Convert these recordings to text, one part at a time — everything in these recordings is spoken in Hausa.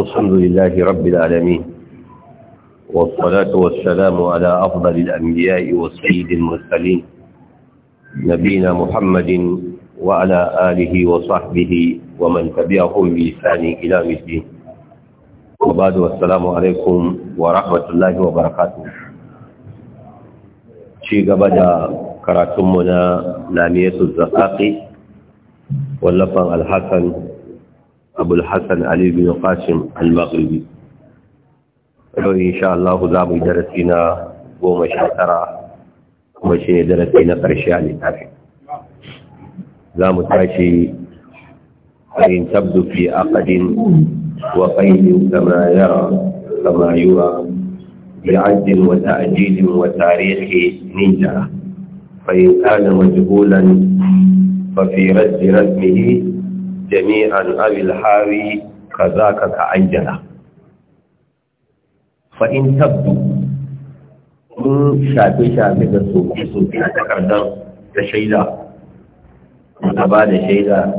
الحمد لله رب العالمين والصلاة والسلام على أفضل الأنبياء والسيد المرسلين نبينا محمد وعلى آله وصحبه ومن تبعهم بإحسان إلى الدين وبعد والسلام عليكم ورحمة الله وبركاته شيء قبل كراتمنا نامية الزقاقي wallafan alhassan abu alhassan ali bin qasim al-maghribi to insha Allah za mu darasi na goma sha tara kuma shi ne darasi na ƙarshe a littafin za mu tashi ayin tabdu fi aqdin wa qaydin kama yara kama yura wa ta'jilin wa tarihi ninja fa in kana majhulan ففي رد رسمه جميعا أبي الحاوي كذاك كعجلة فإن تبدو من شافي شافي تسوكي سوكي تكردر تشيدا متبا شيدا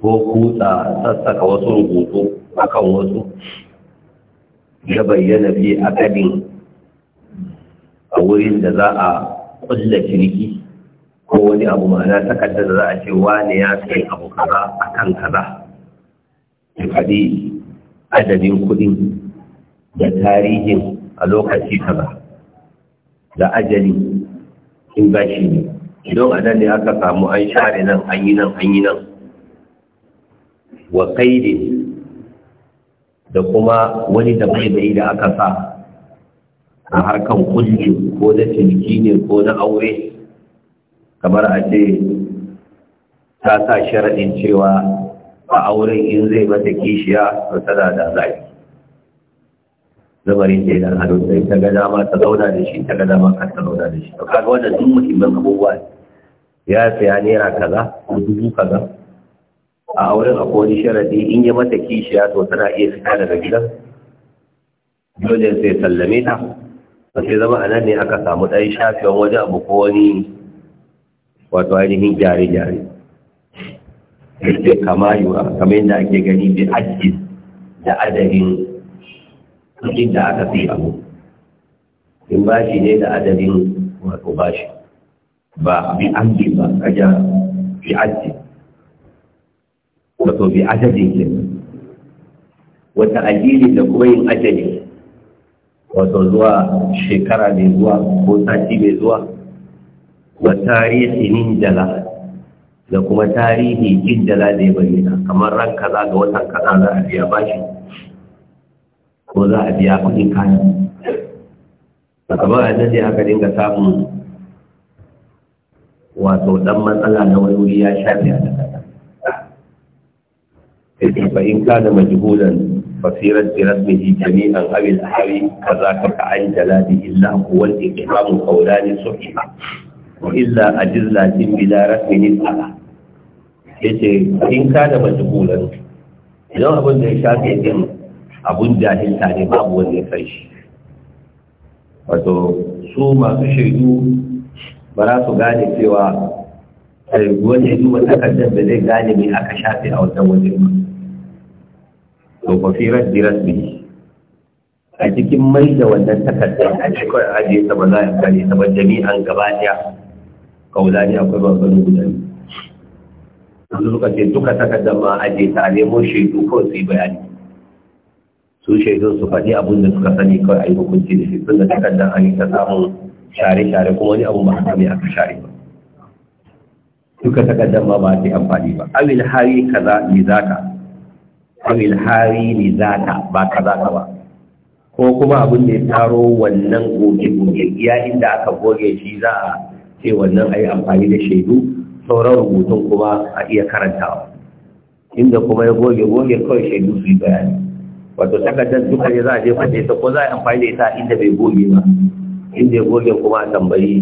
ko kuta sassaka wasu rubutu akan wasu ya bayyana fi akadin a wurin da ko wani abu ma'ana takardar da za a ce ne ya kai abu kaza a kan kaza ya faɗi adadin kuɗin da tarihin a lokaci kaza da ajali in ba shi ne idan a nan ne aka samu an share nan an yi nan an yi nan wa kaidin da kuma wani da bai da aka sa a harkan kulli ko na ciniki ne ko na aure kamar a ce ta sa sharaɗin cewa a auren in zai mata kishiya to tana da zaki lamarin da idan hadu zai ta gada ma ta zauna da shi ta gada ma ka ta zauna da shi to kaga wannan duk muhimman abubuwa ya saya naira kaza ko dubu kaza a auren a wani sharaɗi in ya mata kishiya to tana iya fita daga gidan dole sai sallame ta sai zama a nan ne aka samu ɗan shafewan waje abu ko wani wato ainihin gyare-gyare da kama yura kamar yadda ake gani bi ajis da adadin kudin da aka fi abu in bashi ne da adadin wato bashi ba bi ambi ba kaja bi ajis wato bi adadin ke wata ajiri da kuma yin ajali wato zuwa shekara mai zuwa ko sati mai zuwa wa tarihi ninjala da kuma tarihi jinjala da ya bayyana kamar ran kaza ga watan kaza za a biya bashi ko za a biya kudin kayan kamar a nan aka dinga samun wato dan matsala na wani wuri ya shafi a da ba in kana majhulan fasirar birasmihi jami'an abin ahari kaza ka ka an jala bi illa huwa al-iqramu qawlani sahiha wa illa a jizlatin bila rasminin ala ya ce in ka da kulan idan abin da ya shafe din abun jahilta ne babu wanda ya kai shi wato su masu shaidu ba za su gane cewa eh, wani ya duba takardar da zai gane mai aka shafe a wajen wajen ba to ba fi raddi rasmi a cikin mai da wannan takardar a cikin ajiye ta ba za a kare ta ba jami'an gaba daya kaulani akwai maganganu guda ne su suka ce duka takardar ma a je ta nemo shaidu kawai su yi bayani su shaidu su faɗi abin da suka sani kawai a yi hukunci da shi tun da takardar an yi ta samun share-share kuma wani abu ba a sami aka share ba duka takardar ma ba a ce amfani ba awil hari kaza ni zaka awil hari ni zaka ba kaza ka ba ko kuma abin da ya taro wannan goge-goge iya inda aka goge shi za a sai wannan a yi amfani da shaidu sauran rubutun kuma a iya karantawa inda kuma ya goge goge kawai shaidu su yi bayani wato takardar duka ne za a je fata ita ko za a yi amfani da ita inda bai goge ba inda ya goge kuma a tambayi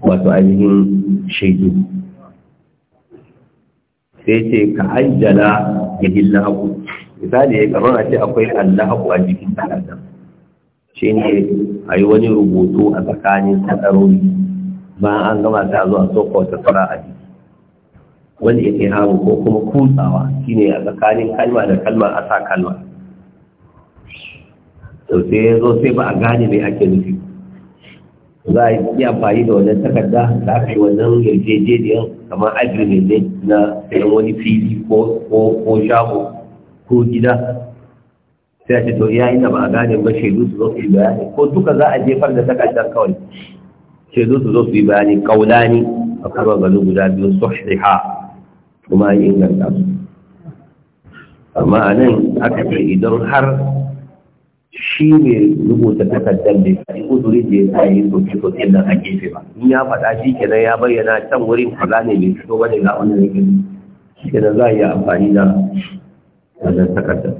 wato ainihin shaidu sai ce ka anjala ya dillahu misali ya kamar a ce akwai allahabu a jikin takardar shi ne a yi wani rubutu a tsakanin sadarori bayan an gama ta zuwa soko wata fara a jiki wani ita ya ko kuma kutsawa shi ne a tsakanin kalma da kalma a sa kalma sau sai ya zo sai ba a gane mai ake nufi za a yi amfani da wannan takarda da aka yi wannan yarjejeniyar kamar agreement ne na sayan wani fili ko shago ko gida sai a ce to ya inda ba a gane ba shaidu su zo su bayani ko duka za a jefar da takardar kawai shaidu su zo su bayani kaulani a kuma gano guda biyu sahiha kuma yi inganta su amma a nan aka ce idan har shi mai rubuta takardar da ya yi uzuri da ya sa yi soke soke nan a gefe ba in ya faɗa shi kenan ya bayyana can wurin kaza ne mai fito wani ga wani rikin shi kenan za a yi amfani da wannan takardar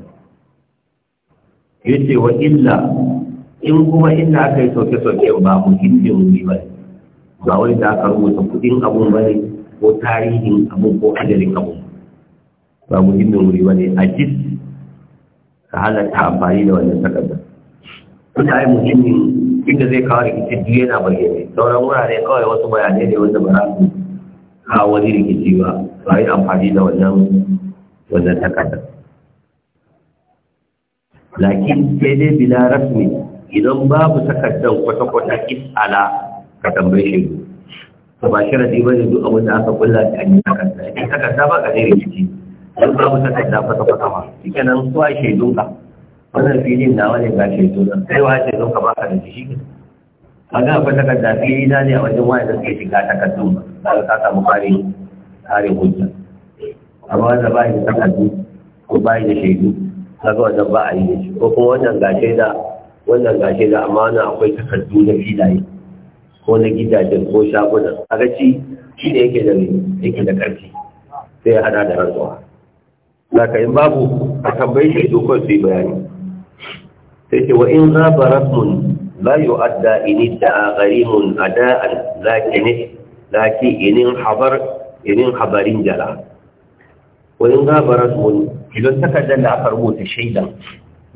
yace wa illa in kuma inda aka yi sauke-sauke ba muhimmin wuri ba ba wai da aka rubuta kudin abun ba ne ko tarihin abun ko ajalin abun ba muhimmin wuri ba ne a jis ka halatta amfani da wannan takardar wanda ai muhimmin inda zai kawo rikici duk yana bayyane sauran wurare kawai wasu bayanai ne wanda ba za su kawo wani rikici ba ba yi amfani da wannan wannan takardar lakin sai dai bila rasmi idan babu takardar kwata-kwata ala ka tambaye shi to ba shi radi bane duk abin da aka kulla da an yi takarda idan takarda ba ka zai rikici Idan babu takarda kwata-kwata ma shike nan suwa shaidun ka wannan filin nawa ne ga shaidun ka sai wa shaidun ka ba ka da shi ne a ga akwai takarda fili na ne a wajen wani da suke shiga takardun ba ka samu kare hujja amma wanda ba shi takardu ko ba shi da shaidu kaga wannan ba a yi shi ko kuma wannan ga shaida wannan ga shaida amma na akwai takardu na filaye ko na gidajen ko shagunan kaga shi shi ne yake da yake da ƙarfi sai ya hada da rantsuwa zaka kai babu a tambayi shi dokar su yi bayani sai ce wa in zaba rasmun la yu'adda ini da gharimun ada'an lakin lakin inin habar inin habarin jala wani gabarar gabarat mun idan takardar da aka rubuta shaidan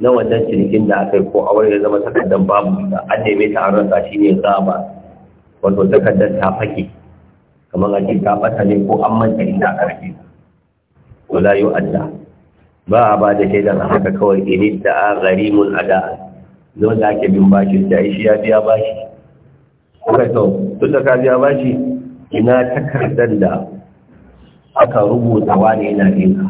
na wannan cinikin da aka yi ko aure ya zama takardar babu da an neme ta an rasa shi ne gaba wato takardar ta fake kamar a ce ta bata ne ko an manta inda aka rage to la yu'adda ba a ba da shaidan haka kawai in da a gharimun ada zo da ake bin bashi da shi ya biya bashi kuka to tun da ka biya bashi ina takardar da aka rubuta wani yana ɗinka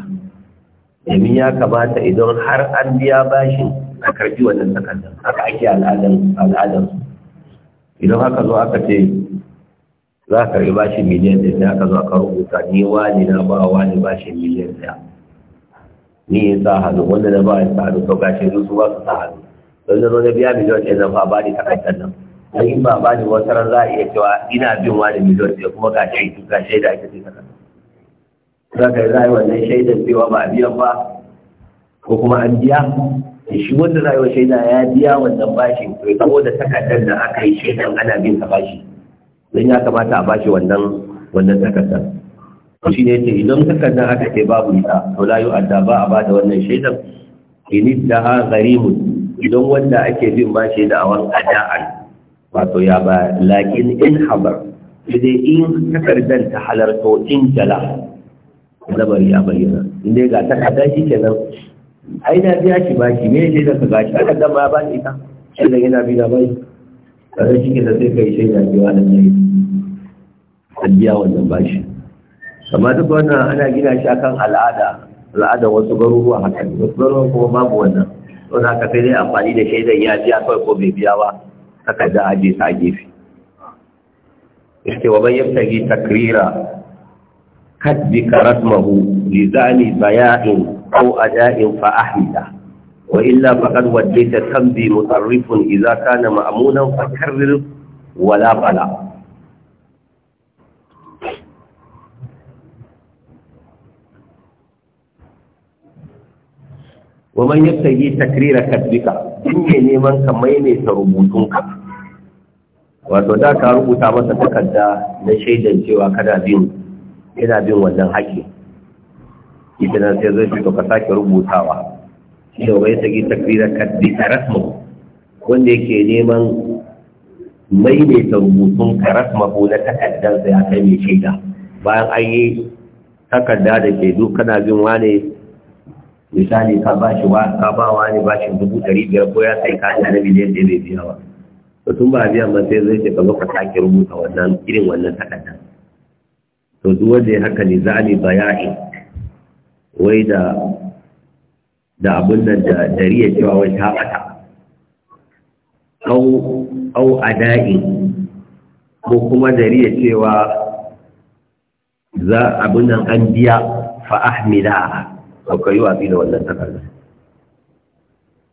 domin ya kamata idan har an biya bashin a karfi wannan takardar haka ake al'adar idan haka zo aka ce za ka karbi bashin miliyan ɗaya haka zo aka rubuta ni wani na ba wani bashin miliyan ɗaya ni in sa hannu wanda na ba in sa hannu sau gashi su ba su sa hannu don zano na biya miliyan ɗaya na fa ba ni takardar nan don in ba ba ni wata ran za a iya cewa ina bin wani miliyan ɗaya kuma gashi gashi da ake ce takardar za ka yi za a yi wannan shaidar cewa ba a biyan ba ko kuma an biya Ya eh, shi wanda za a yi wa shaida ya biya wannan bashi. to ya kawo da takardar da aka yi shaidan ana bin sa bashi don ya kamata a bashi wannan wannan takardar to shi ne ce idan takardar aka ce babu ita to la yu adda ba a ba da wannan shaidar inid da ha garimun idan wanda ake bin bashi da awan ada'an wato ya ba lakin in habar sai in takardar ta halarto in jala lamari a bayyana inda ya gata takarda shi ke nan ai na biya shi ba shi mai shaidar ka gashi aka gama ba shi ita shaidar yana bi na bai kada shi ke sai kai shaidar biya nan ne ka biya wannan bashi amma duk wannan ana gina shi akan al'ada al'adar wasu garuruwa haka wasu garuruwa kuma babu wannan don haka sai dai amfani da shaidar ya biya kawai ko bai biya ba da aje ta gefe yake wa bayyanta takrira kad dikarat mahu lizani bayain aw ajain fa ahida wa illa faqad wajjata tambi mutarrifun idza kana ma'munan fa karrir wa la bala wa man yatayyi takrira kadika inne neman ka mai ne wato da ka rubuta masa takarda na shaidan cewa kada bin yana bin wannan haƙƙi idan sai zai to ka sake rubutawa shi ne wai sagi takrira ka bi rasmu wanda yake neman maimaita rubutun ka ko na sai a kai mai shaida bayan an yi takarda da ke duk kana bin wane misali ka ba shi wa ka ba wa ne ba shi dubu ɗari biyar ko ya sai ka da miliyan ɗaya bai biya ba to tun ba biyan ba sai zai ce ka zo ka sake rubuta wannan irin wannan takarda to duk wanda ya haka ne ne bayani wai da da abin nan da dariya cewa wai ta bata au au ada'i ko kuma dariya cewa za abin nan an biya fa ahmila ko kai wa bi da wannan takarda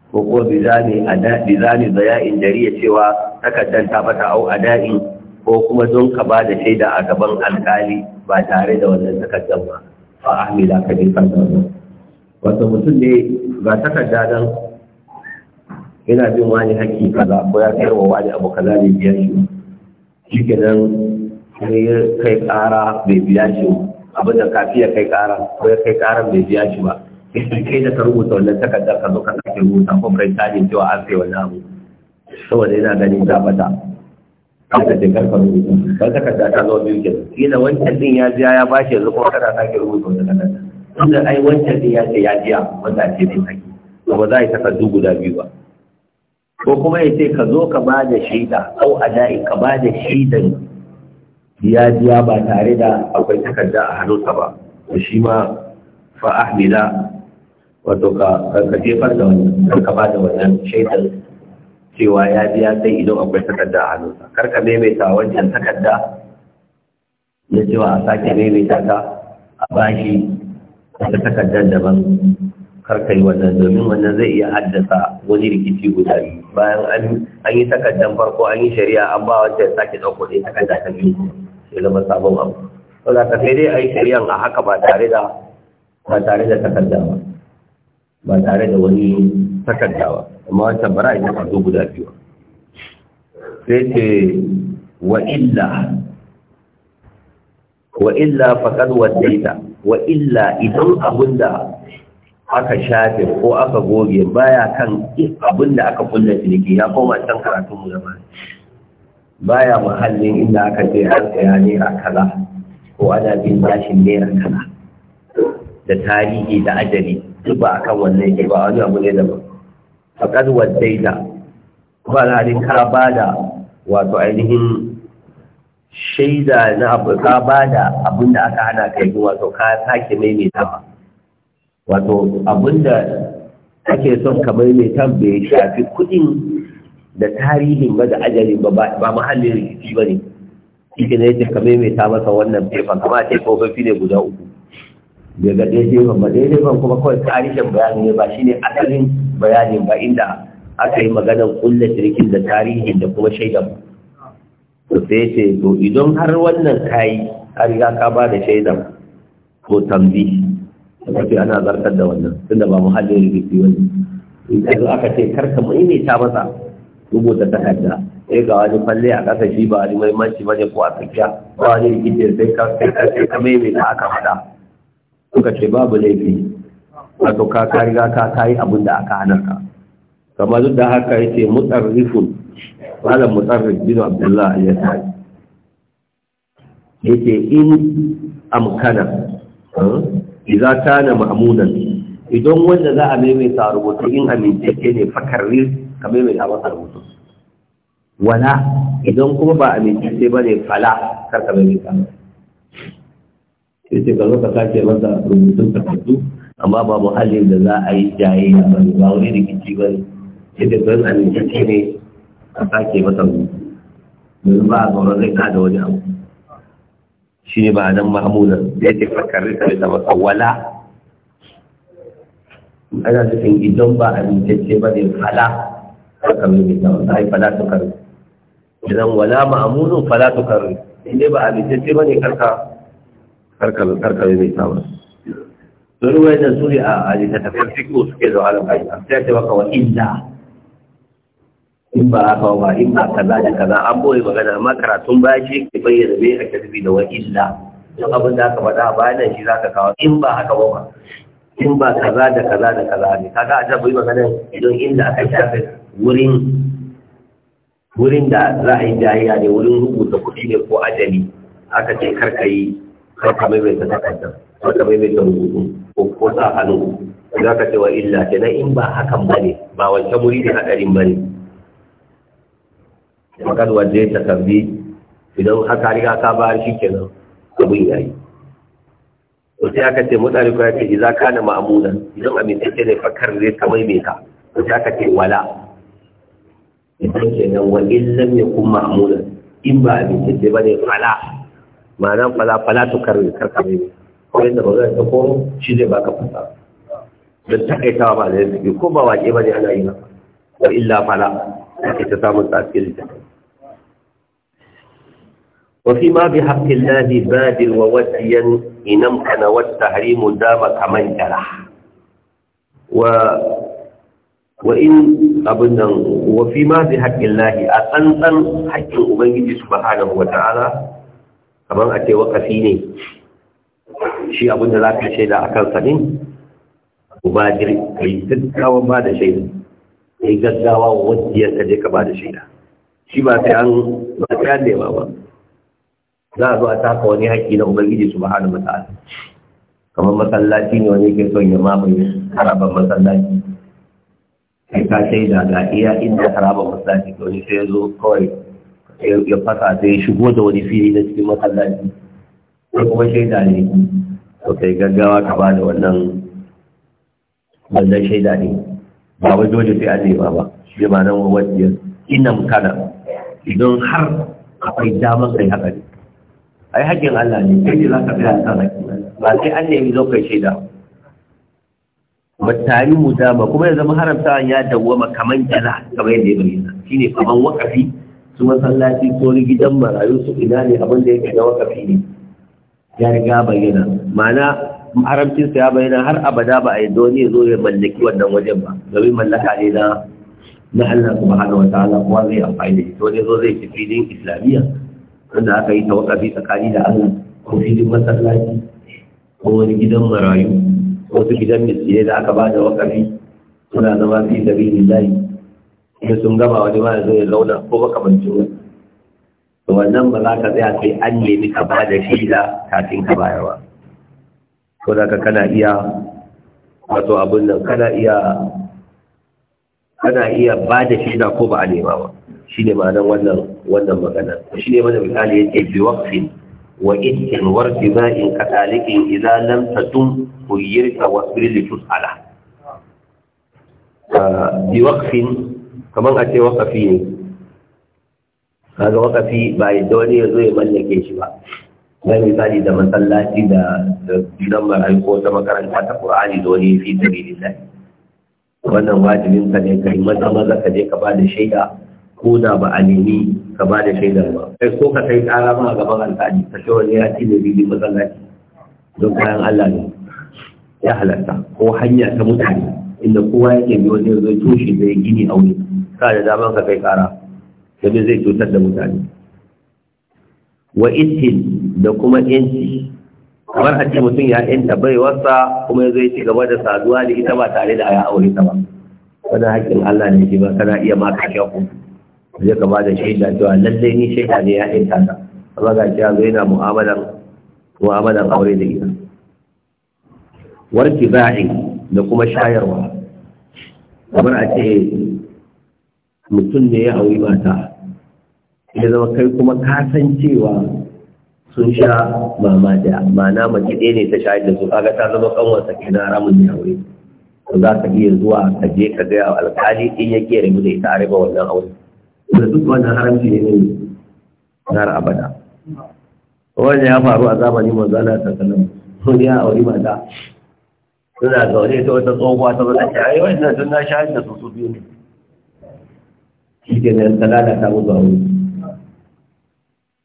ko ko bi zani ada bi zani baya'in dariya cewa takardan ta bata au adai ko kuma don ka ba da shaida a gaban alkali ba tare da wannan takardar ba fa ahmila ka bi ba. wato mutum ne ga takarda dan yana bin wani haƙƙi kaza ko ya kai wa wani abu kaza ne biyan shi shikenan sai ya kai ƙara bai biya shi abin da kafi ya kai ƙara ko ya kai ƙaran bai biya shi ba sai kai da ka rubuta wannan takardar ka zo ka sake rubuta ko kai tajin cewa an sai wannan abu saboda yana ganin ta aka ce karfa rubuta ba saka ta ta zo biyu kenan kila wancan din ya jiya ya bashi yanzu kuma kana sake rubuta wata takarda tunda ai wancan din ya ce ya jiya wanda ce ne sake to ba za a yi takardu guda biyu ba ko kuma ya ce ka zo ka ba da shaida ko a da'i ka ba da shaidan ya jiya ba tare da akwai takarda a hannunsa ba to shi ma fa ahmila wato ka jefar da wannan ka ba da wannan shaidan cewa ya biya sai idan akwai takarda a hannunsa kar ka maimaita wancan takarda na cewa a sake maimaita ta a bashi wata takardar daban kar ka yi wannan domin wannan zai iya haddasa wani rikici guda biyu bayan an yi takardar farko an yi shari'a an ba wancan sake ɗauko ɗaya takarda ta biyu sai zama sabon abu. Saboda ka sai dai a yi shari'an a haka ba tare da ba tare da takarda ba. ba tare da wani takardawa amma wancan bara ita farko guda biyu sai ce wa illa wa illa faqad wadaita wa illa idan abunda aka shafe ko aka goge baya kan abunda aka kulle ciniki ya koma can karatun mu gaba baya muhallin inda aka ce an tsaya naira kaza ko ana bin naira kaza da tarihi da ajali duk ba kan wannan ke ba wani abu ne da ba faƙar waddaita ba halin ka ba da wato ainihin shaida na abu ka ba da abin da aka hana ka yi wato ka sake ba wato abin da ake son ka maimaita bai shafi kuɗin da tarihin ba da ajali ba ba mahallin rikici ba ne shi ne yake ka maimaita masa wannan fefa kama ce fafi ne guda uku bai ga ba ɗaya kuma kawai tarihin bayani ne ba shine asalin bayanin ba inda aka yi maganar kulle shirkin da tarihin da kuma shaidan to sai ce to idan har wannan kayi har ya ka ba da shaidan ko tambi kafi ana zartar da wannan tunda ba muhallin rikici wani idan aka ce karka maimaita masa rubuta takarda sai ga wani falle a ƙasa shi ba wani ba ne ko a tsakiya ba wani rikici sai ka sai ka maimaita aka faɗa suka ce babu laifi wato ka kari riga ka kayi abin da aka hana ka kamar duk da haka yace mutarrifun malam mutarrif bin abdullah ya sai yake in amkana idza kana ma'munan idan wanda za a maimaita rubutu in amintacce ne fakarri ka maimaita masa rubutu wala idan kuma ba ce ba ne fala kar ka maimaita masa sai ce ka ka sake masa rubutun takardu amma ba halin da za a yi a ba ba wani rikici ba ne sai da ban amince ne ka sake masa rubutu yanzu ba a tsoron zai kada wani abu shi ne ba nan ma'amunan da ya ce fakarri ta da wala ana cikin idan ba amintacce ba ne fala fakarri ne ta wasa ai fala su karri idan wala ma'amunan fala su karri inda ba amintacce ba ne karka karka mai samun sun ruwa da su ne a littattafan fiko suke da wahalar bai a sai ta maka wa da. in ba haka ba in ba kaza da kaza an boye magana amma karatun baya shi ke bayyana bai a kirbi da wa illa duk abin da aka faɗa bayanan shi za ka kawo in ba haka ba in ba kaza da kaza da kaza ne kaga a bai magana idan inda aka shafe wurin wurin da za a yi jayayya ne wurin rubuta kuɗi ne ko ajali aka ce karka yi kar ka maimaita takardar kar ka maimaita rubutu ko ko sa hannu za ka ce wa illa kenan in ba hakan ba ne ba wancan wuri da hadarin ba ne makar waje takardi idan haka riga ka bayar shi nan, abin ya yi to sai aka ce mutane ko ya ce idan na ma'amuna idan amintacce ne fakar zai ta maimaita to sai aka ce wala idan kenan wa illam yakun ma'amuna in ba amintacce ba ne fala ma'anan fala fala to karbe karka mai ko yadda ba zai ta komo shi zai baka fasa don takaitawa ba da yadda ko ba waƙe ba ne ana yi ba illa fala ake ta samun tsakiyar littafi وفيما بحق الله بادل ووديا إن أمكن والتحريم دام كمن جرح و وإن أبنا وفيما بحق الله أتنطن حق أبنجي سبحانه وتعالى kamar a ce wakafi ne shi abinda za ka shaida a kan sanin? ubadir ka yi gaggawa ba da shaida ka yi gaggawa wajiyar ka je ka ba da shaida shi ba sai an ba da an nema ba za a zo a taka wani haƙƙi na ubangiji su bahanu mata'ala kamar masallaci ne wani ke son ya mamaye harabar masallaci sai ka shaida ga iya inda harabar masallaci ka wani sai ya zo kawai ya fasa ta ya shigo da wani fili na cikin masallaci ko kuma shaida ne to kai gaggawa ka ba da wannan wannan shaida ne ba wai dole sai an nema ba shi ma nan wajiyar inan kana idan har akwai damar kai haka ne ai haƙƙin Allah ne kai ne za ka tsaya kan ne. ba sai an nemi zo kai shaida mutane mu dama kuma ya zama haramtawan ya dawwama kamar jala kamar yadda ya bayyana shine kaman wakafi su masallaci ko gidan marayu su ina ne abin da yake na wakafi ne ya riga bayyana ma'ana haramcin ya bayyana har abada ba a yi doni zo ya mallaki wannan wajen ba domin mallaka ne na na Allah subhanahu wa ta'ala kowa zai amfani da shi to ne zo zai ci filin islamiyya wanda aka yi wakafi tsakani da Allah ko filin masallaci ko wani gidan marayu ko su gidan misiyai da aka ba da wakafi suna zama fi lillahi sai sun gama wani ma zai yi zauna ko makamanci wani to wannan ba za ka tsaya sai an nemi ka ba da shaida kafin ka bayarwa ko da ka kana iya wato abin nan kana iya kana iya ba da shaida ko ba a nema ba shi ne ma nan wannan wannan magana shi ne mana misali yake bi waqfin wa ittin warfi ba in ka talikin idza lam tatum kuyirka wasbir li tusala ah, bi waqfin kamar a ce wakafi ne kaga wakafi ba yadda wani ya zo ya mallake shi ba na misali da masallaci da gidan marayu ko ta makaranta ta kur'ani da wani fi sabilillah wannan wajibin ka ne yi maza maza ka je ka ba da shaida ko da ba a nemi ka ba da shaidar ba kai ko ka kai tsara ma a gaban alƙali ka ce wani ya ci da masallaci don kayan Allah ne ya halarta ko hanya ta mutane inda kowa yake biyo zai zo toshe da ya gini a wuri ka da daman ka kai kara domin zai cutar da mutane wa itin da kuma yanci kamar a ce mutum ya yanta baiwarsa kuma ya zo ya ci gaba da saduwa da ita ba tare da ya aure ta ba kana haƙƙin Allah ne shi ba kana iya ma ka shaku zai ka ba da shaida cewa lallai ni shaida ne ya yanta ta amma ga cewa zai zo yana mu'amalan mu'amalan aure da ita warki ba'i da kuma shayarwa kamar a ce mutum ne ya auri mata ya zama kai kuma cewa sun sha mama da mana mace ɗaya ne ta shayar da su kaga ta zama kanwarsa ke na ramin ne aure to za ka iya zuwa ka je ka gaya wa alƙali in ya ke rabu da ita a riba wannan aure da duk wannan haramci ne ne har abada wannan ya faru a zamanin manzana sallallahu alaihi wani ya auri mata suna zaune ta wata tsohuwa ta wata ta yi wani tun na shahar da su su biyu ne shi ke nan ta lada ta zuwa wuri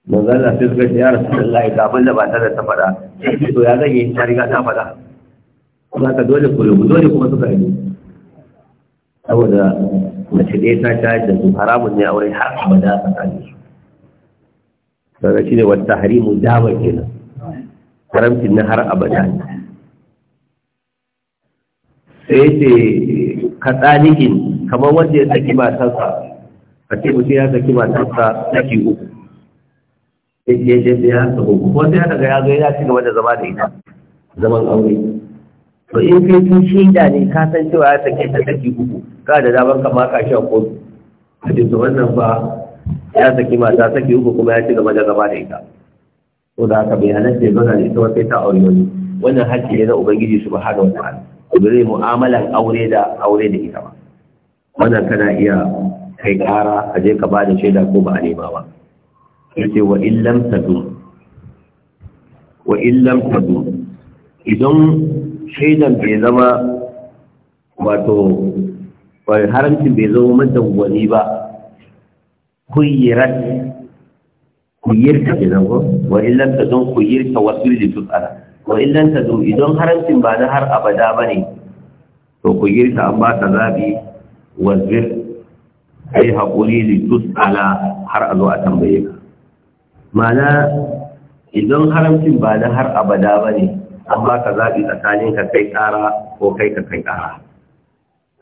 manzan na fiskar da yara sun lai kafin da ba ta da ta faɗa to ya zan yi ta riga ta faɗa kuma ka dole ku rubu dole kuma suka yi saboda mace ɗaya ta shahar da su haramun ne wurin har abada a tsakanin su sannan shi ne wata harimu damar kenan haramcin na har abada ne sai yace ka tsalihin kamar wanda ya saki matansa a ce mutum ya saki matarsa saki uku ya saki uku wanda ya daga ya zo ya ci gaba da zama da ita zaman aure to in kai tun da ne ka san cewa ya saki ta saki uku ka da damar ka maka shi a kotu a ce wannan ba ya saki mata saki uku kuma ya ci gaba da zama da ita ko da haka bayanan da ya zauna da ita wata ita aure wani wannan hakki ne na ubangiji haɗa wata ta'ala ba mu'amalar aure da aure da ita ba wannan kana iya kai kara a je ka ba da shaida ko ba a nema ba yace wa illam tadu wa illam tadu idan shaidan bai zama wato haramcin bai zama wani ba kuyirat kuyirta ke zango wa illam tadu kuyirta wasu da tutsara wa idan ta zo idan haramcin ba na har abada ba ne to ku girka an ba ta zaɓi wazir ai haƙuri litus tusala har a zo a tambaye ka mana idan haramcin ba na har abada ba ne an ba ka zaɓi tsakanin ka kai ƙara ko kai ka kai ƙara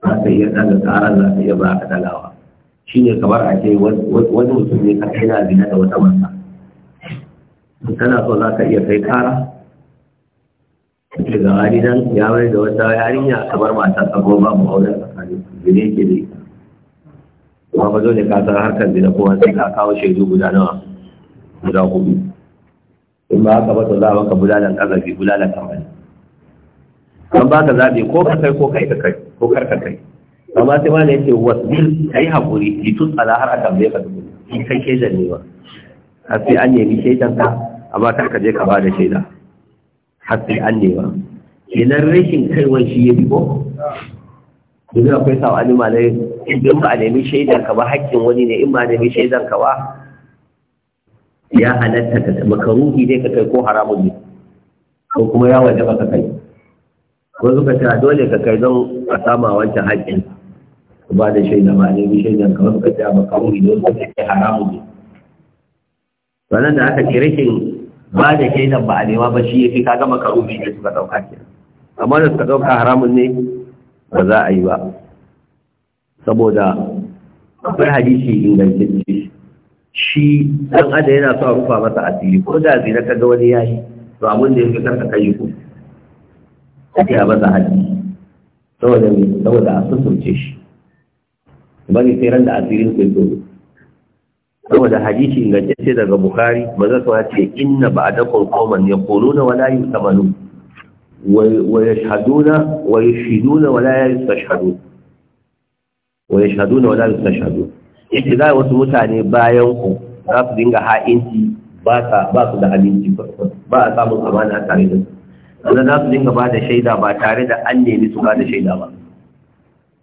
za ka iya ɗaga ƙara za ka iya ba ka dalawa shi ne kamar a ce wani mutum ne ka kai na zina da wata masa tana so za ka iya kai ƙara daga wani nan ya mai da wata yarinya kamar mata sabo ba mu tsakanin gine ke ne kuma ba ne ka san harkar gina kuma sai ka kawo shaidu guda nawa guda hudu in ba haka ba to za a maka bulalan kazafi bulalan kamar an ba ka zaɓe ko ka kai ko kai ka kai ko kar ka kai amma sai ma ne yace wasbir kai hakuri ki tutsala har a tambaye ka tukuni in kai shaidan ne ba sai an nemi shaidan ka amma kar ka je ka ba da shaida ne ba. idan rashin kaiwan shi ya ko domin akwai wani malai idan ba a nemi shaidan ka ba haƙƙin wani ne in ba a nemi shaidan ka ba ya halatta ka makaruhi dai ka kai ko haramun ne ko kuma ya wajaba ka kai ko suka ta dole ka kai don a sama wancan haƙƙin ba da shaida ba ne nemi shaidan kamar suka ka ba kawo ido suka ce haramu ne sannan da aka ce rashin ba da nan ba a nema ba shi yake kaga makarumi da suka dauka ke amma da suka dauka haramun ne ba za a yi ba saboda akwai hadisi ingantacce shi dan ada yana so a rufa masa asiri ko da zai ka ga wani yayi to amma da yake karka kai ku ake a masa hadisi saboda saboda a susurce shi bani sai ran da asirin kai so. saboda hadisi ingantacce daga Bukhari maza su ce inna ba'dakum qauman yaquluna wa la yu'tamanu wa yashhaduna wa yushhiduna wa la yastashhadun wa yashhaduna wa la yastashhadun wasu mutane bayan ku za su dinga ha'inci ba ta ba su da aminci ba a samun amana tare da su sannan za su dinga ba da shaida ba tare da an nemi su ba da shaida ba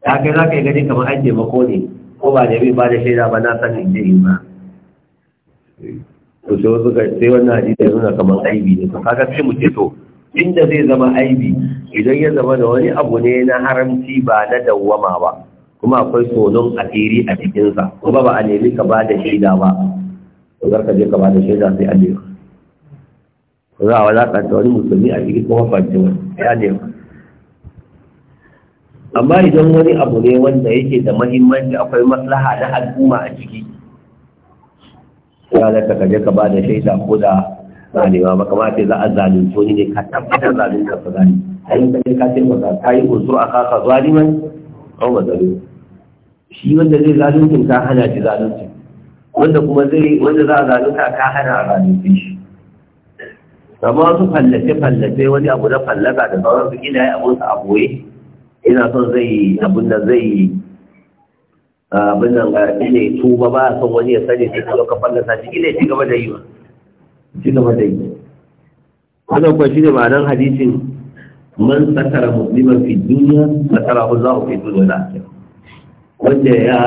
ta kai za ka yi gani kamar an taimako ne ko ba da bai ba da shaida ba na san inda ba to sai wasu sai wannan hadisi yana kamar aibi ne to kaga sai mu ce to inda zai zama aibi idan ya zama da wani abu ne na haramci ba na dawwama ba kuma akwai tsoron asiri a cikinsa kuma ba a nemi ka ba da shaida ba to za ka je ka ba da shaida sai a nema ko za a wadakanta wani musulmi a cikin kuma fanti wani ya nema amma idan wani abu ne wanda yake da mahimmanci akwai maslaha na al'umma a ciki ya ka kaje ka ba da shaida ko da zalewa ba kamata za a zalunci wani ne ka tabbatar zalunta ka zali a yi kaje ka taimaka masa ka yi unsur a kaka zaliman an mazalu shi wanda zai zaluncin ka hana shi zaluncin wanda kuma zai wanda za a zalunta ka hana a zalunci shi amma su fallace-fallace wani abu na fallaka da sauran su ina yi abunsa a boye ina son zai abun da zai abin nan eh, ne tuba ba a son wani ya sani sai ka zo ka fallasa shi ne ci gaba da yi ba ci gaba da yi wannan kuwa shine ma'anar hadisin man satara musliman fi duniya satara hu zahu fi dunya da akhirah wanda ya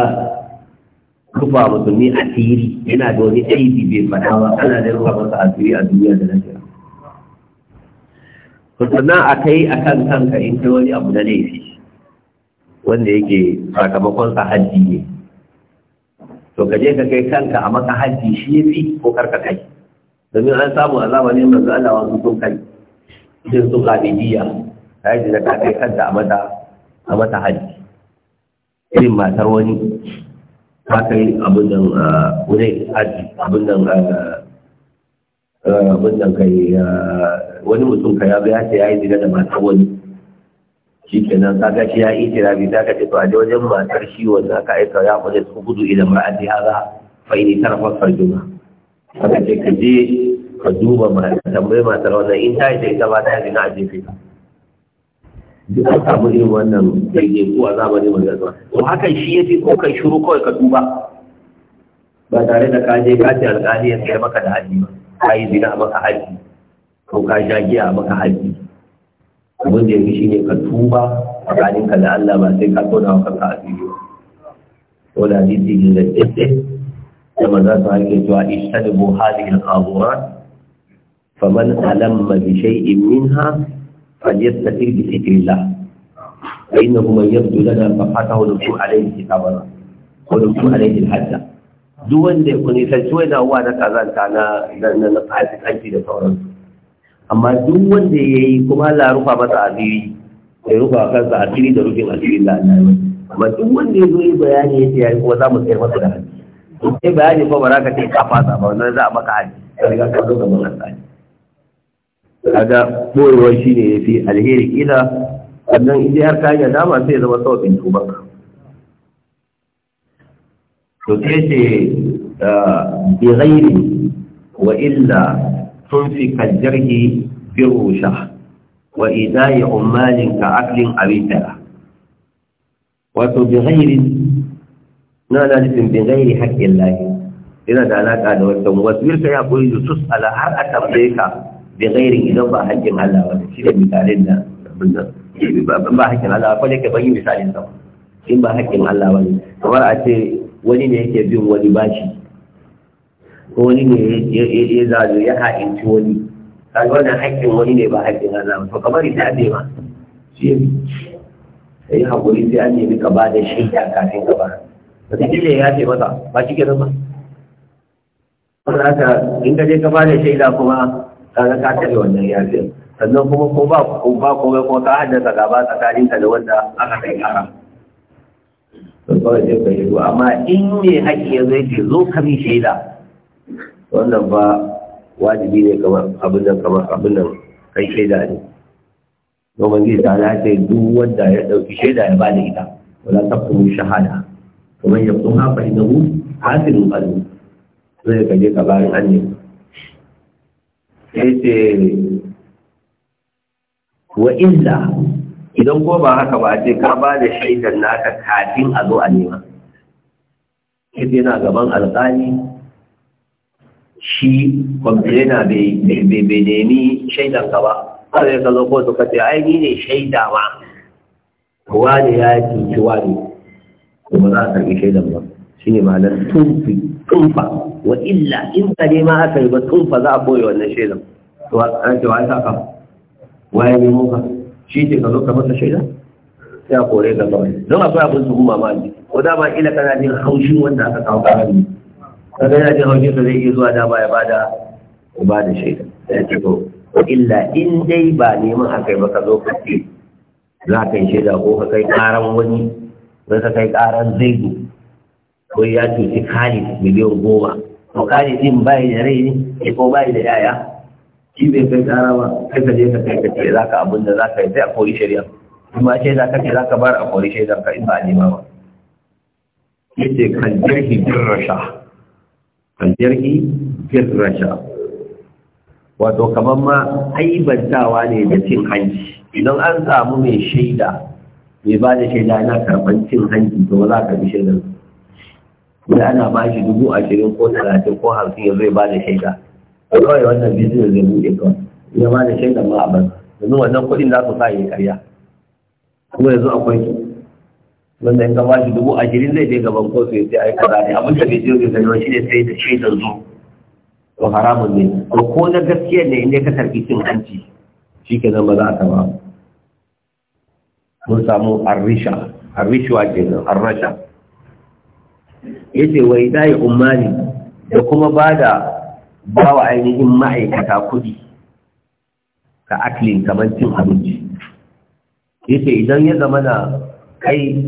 rufa musulmi asiri yana da wani aibi bai fada ba ana da ruwa masa asiri a duniya da lafiya sannan a kai a kan kanka in kai wani abu na laifi wanda yake sakamakon sa hajji ne to ka je ka kai kanka a maka hajji shi ya fi ko karka kai domin an samu azaba ne manzo Allah wasu sun kai idan su ta yi da ka kai kanka a mata a mata hajji irin matar wani ta kai abin da wani hajji abin nan abin kai wani mutum ka ya zo ya yi zina da matar wani shi kenan kaga shi ya itirafi ta kace to a je wajen matar shi wanda aka aika ya kwaje su gudu idan ra'ati haza fa ini tarfa farjuma aka ce ka je ka duba ma tambaye matar wannan in ta ita ta ba ta yi na ajefe ka duk ka mu yi wannan daidai ko azaba ne manzanzuwa to hakan shi ya fi ko kai shiru kawai ka duba ba tare da ka je ka ce alƙali ya kai maka da haji ba ka yi maka haji ko ka sha giya maka haji abin da ya fi shine ka tuba tsakanin ka da Allah ba sai ka tona wa kanka asiri ba wala hadisi ne da tsitse da maza su hake cewa ishtalibu hadhihi al-qawurat faman alamma bi shay'in minha falyastatir bi dhikrillah fa innahu man yabdu lana fa fatahu lahu alayhi kitabana wa lahu alayhi al-hadda duk wanda ya kuni sai yana uwa da kazanta na na na da sauransu amma duk wanda ya yi kuma Allah rufa masa asiri ya rufa kansa asiri da rufin asiri da Allah amma duk wanda ya zo yi bayani ya ce ya yi kuma za mu sayar masa da hannu to sai bayani ko ba za ka ce ka fasa ba wannan za a maka hannu ka riga ka zo ga mun hannu kaga boyewar shi ne ya fi alheri kila sannan in har ka yi dama sai zama sauƙin tubanka to sai ce ah, bi ghairi wa illa tunfika jirgi fin rusha wa idaye umarin ka aklin abitara wato bihairi na lalifin bihairi haƙƙin lahi yana da alaƙa da wancan wasu wilka ya ƙuri da sus ala har a tambaye ka bihairi idan ba haƙƙin allah ba shi da misalin da abin ba haƙƙin allah ba kwanye ba haƙƙin allah ne kamar a ce wani ne yake bin wani bashi ko wani ne ya zazo ya ha'inci wani kaga wannan haƙƙin wani ne ba haƙƙin Allah ba to kamar ita ne ma shi sai hakuri sai an nemi ka ba da shaida kafin ka ba wata kila ya ce masa ba shi kenan ba kuma in ka je ka ba da shaida kuma kaga ka tare wannan yafiyar sannan kuma ko ba ko ba ko ko ta haddasa gaba tsakanin ka da wanda aka kai kara to kawai sai ka yi amma in ne haƙƙi ya zai ce zo ka bi shaida wannan ba wajibi ne kamar abin nan kamar abin nan kai shaida ne domin zai ta na ce duk wanda ya ɗauki shaida ya ba da ita wala ta kuma shahada kamar ya kuma hafa ina mu hasirin ƙalmi zai ka je ka bayan an ne sai ce wa illa idan ko ba haka ba ce ka ba da shaidar naka kafin a zo a nema sai yana gaban alƙali shi kwamfina bai nemi shaidanka ba har ka zo ko suka ce ai ni ne shaida ma wani ya kiwa ne kuma za a karbi shaidan ba shi ne ma'anar tunfi tumfa wa illa in ka nema aka yi ba tumfa za a boye wannan shaidan to an ce wa ya saka wa ya nemo ka shi ce ka zo ka masa shaida sai a kore ka kawai don akwai abin su kuma ma ko dama ila kana jin haushin wanda aka kawo karar ne kaga yana jin haushinsa zai iya zuwa dama ya bada ba da shaida ya ce ko illa in dai ba neman a kai ba ka zo ka ce za ka yi shaida ko ka kai karan wani ko ka kai karan zaidu ko ya cuci khalid miliyan goma to kani din ba da rai ne eh, ko ba da yaya shi bai kai kara ba kai ka je ka kai ka ce za ka abin da za ka yi sai a kori shari'a kuma shaida ka ce za ka bar a kori shaidar ka in ba a nema ba yace kan jirgin bin rasha kanjarki firrasha wato kamar ma aibantawa ne da cin hanci idan an samu mai shaida mai ba da shaida yana karɓar cin hanci to za ka bi shaidan da ana ba shi dubu ashirin ko talatin ko hamsin ya zai ba da shaida a kawai wannan bizinin zai buɗe kawai ya ba da shaida ma a banza yanzu wannan kuɗin za su sa ya karya kuma yanzu akwai wanda ya gaba shi dubu ashirin zai je gaban kotu ya sai aika kaza ne abin da bai je zai gani shi ne sai da shaidar zo to haramun ne to ko na gaskiya ne in dai ka tarbi cin hanci shi ke nan ba za a taba mun samu arrisha arrishuwa ke nan arrasha ya ce wai dai umarni? da kuma ba da ba wa ainihin ma'aikata kuɗi ka aklin kamar cin abinci ya ce idan ya zama na kai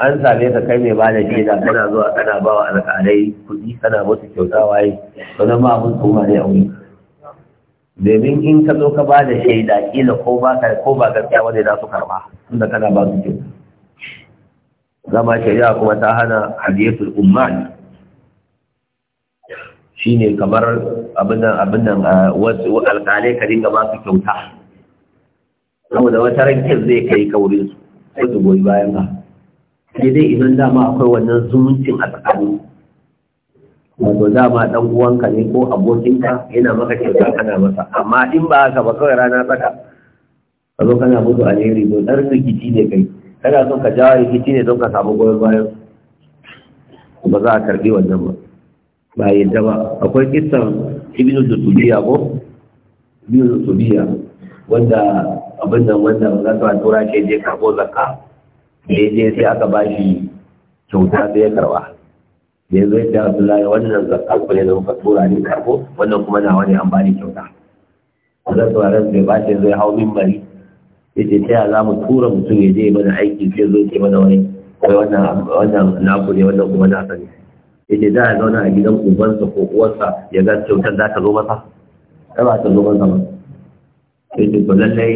an same ka kai mai bada shaida kana zuwa kana ba wa alƙalai kuɗi kana musu kyauta waye to nan ba abin tsoma ne a wuri domin in ka zo ka ba da shaida kila ko ba ka ko ba gaskiya wanda za su karba tunda kana ba su kyauta zama shari'a kuma ta hana hadiyatul umma shine kamar abin nan abin nan ah, wasu alƙalai ka dinga ba su kyauta saboda wata rankin zai kai kaurin su sai su goyi bayan ka sai dai idan dama akwai wannan zumuncin a tsakani wato dama dan uwanka ne ko abokinka yana maka kyauta kana masa amma in ba haka ba kawai rana tsaka ka zo kana mutu a jeri to dan rikici ne kai kana son ka jawo rikici ne don ka samu goyon bayan ba za a karbi wannan ba ba yadda ba akwai kisan ibnu dutubiya ko ibnu dutubiya wanda abin nan wanda za ta tura shi je karbo zakka da ya sai aka ba shi kyauta sai ya karba da ya zo ya Abdullahi wannan zakka ne da muka tura ni karbo wannan kuma na wani an ba ni kyauta zan tsoron bai ba shi zai hau mimbari ya ce ta za mu tura mutum ya je mana aiki sai zo ke mana wani kai wannan naku ne wannan kuma na sani. ya ce za a zauna a gidan ubansa ko uwarsa ya ga kyautar za ta zo masa ta ba ta zo masa ba sai ce to lallai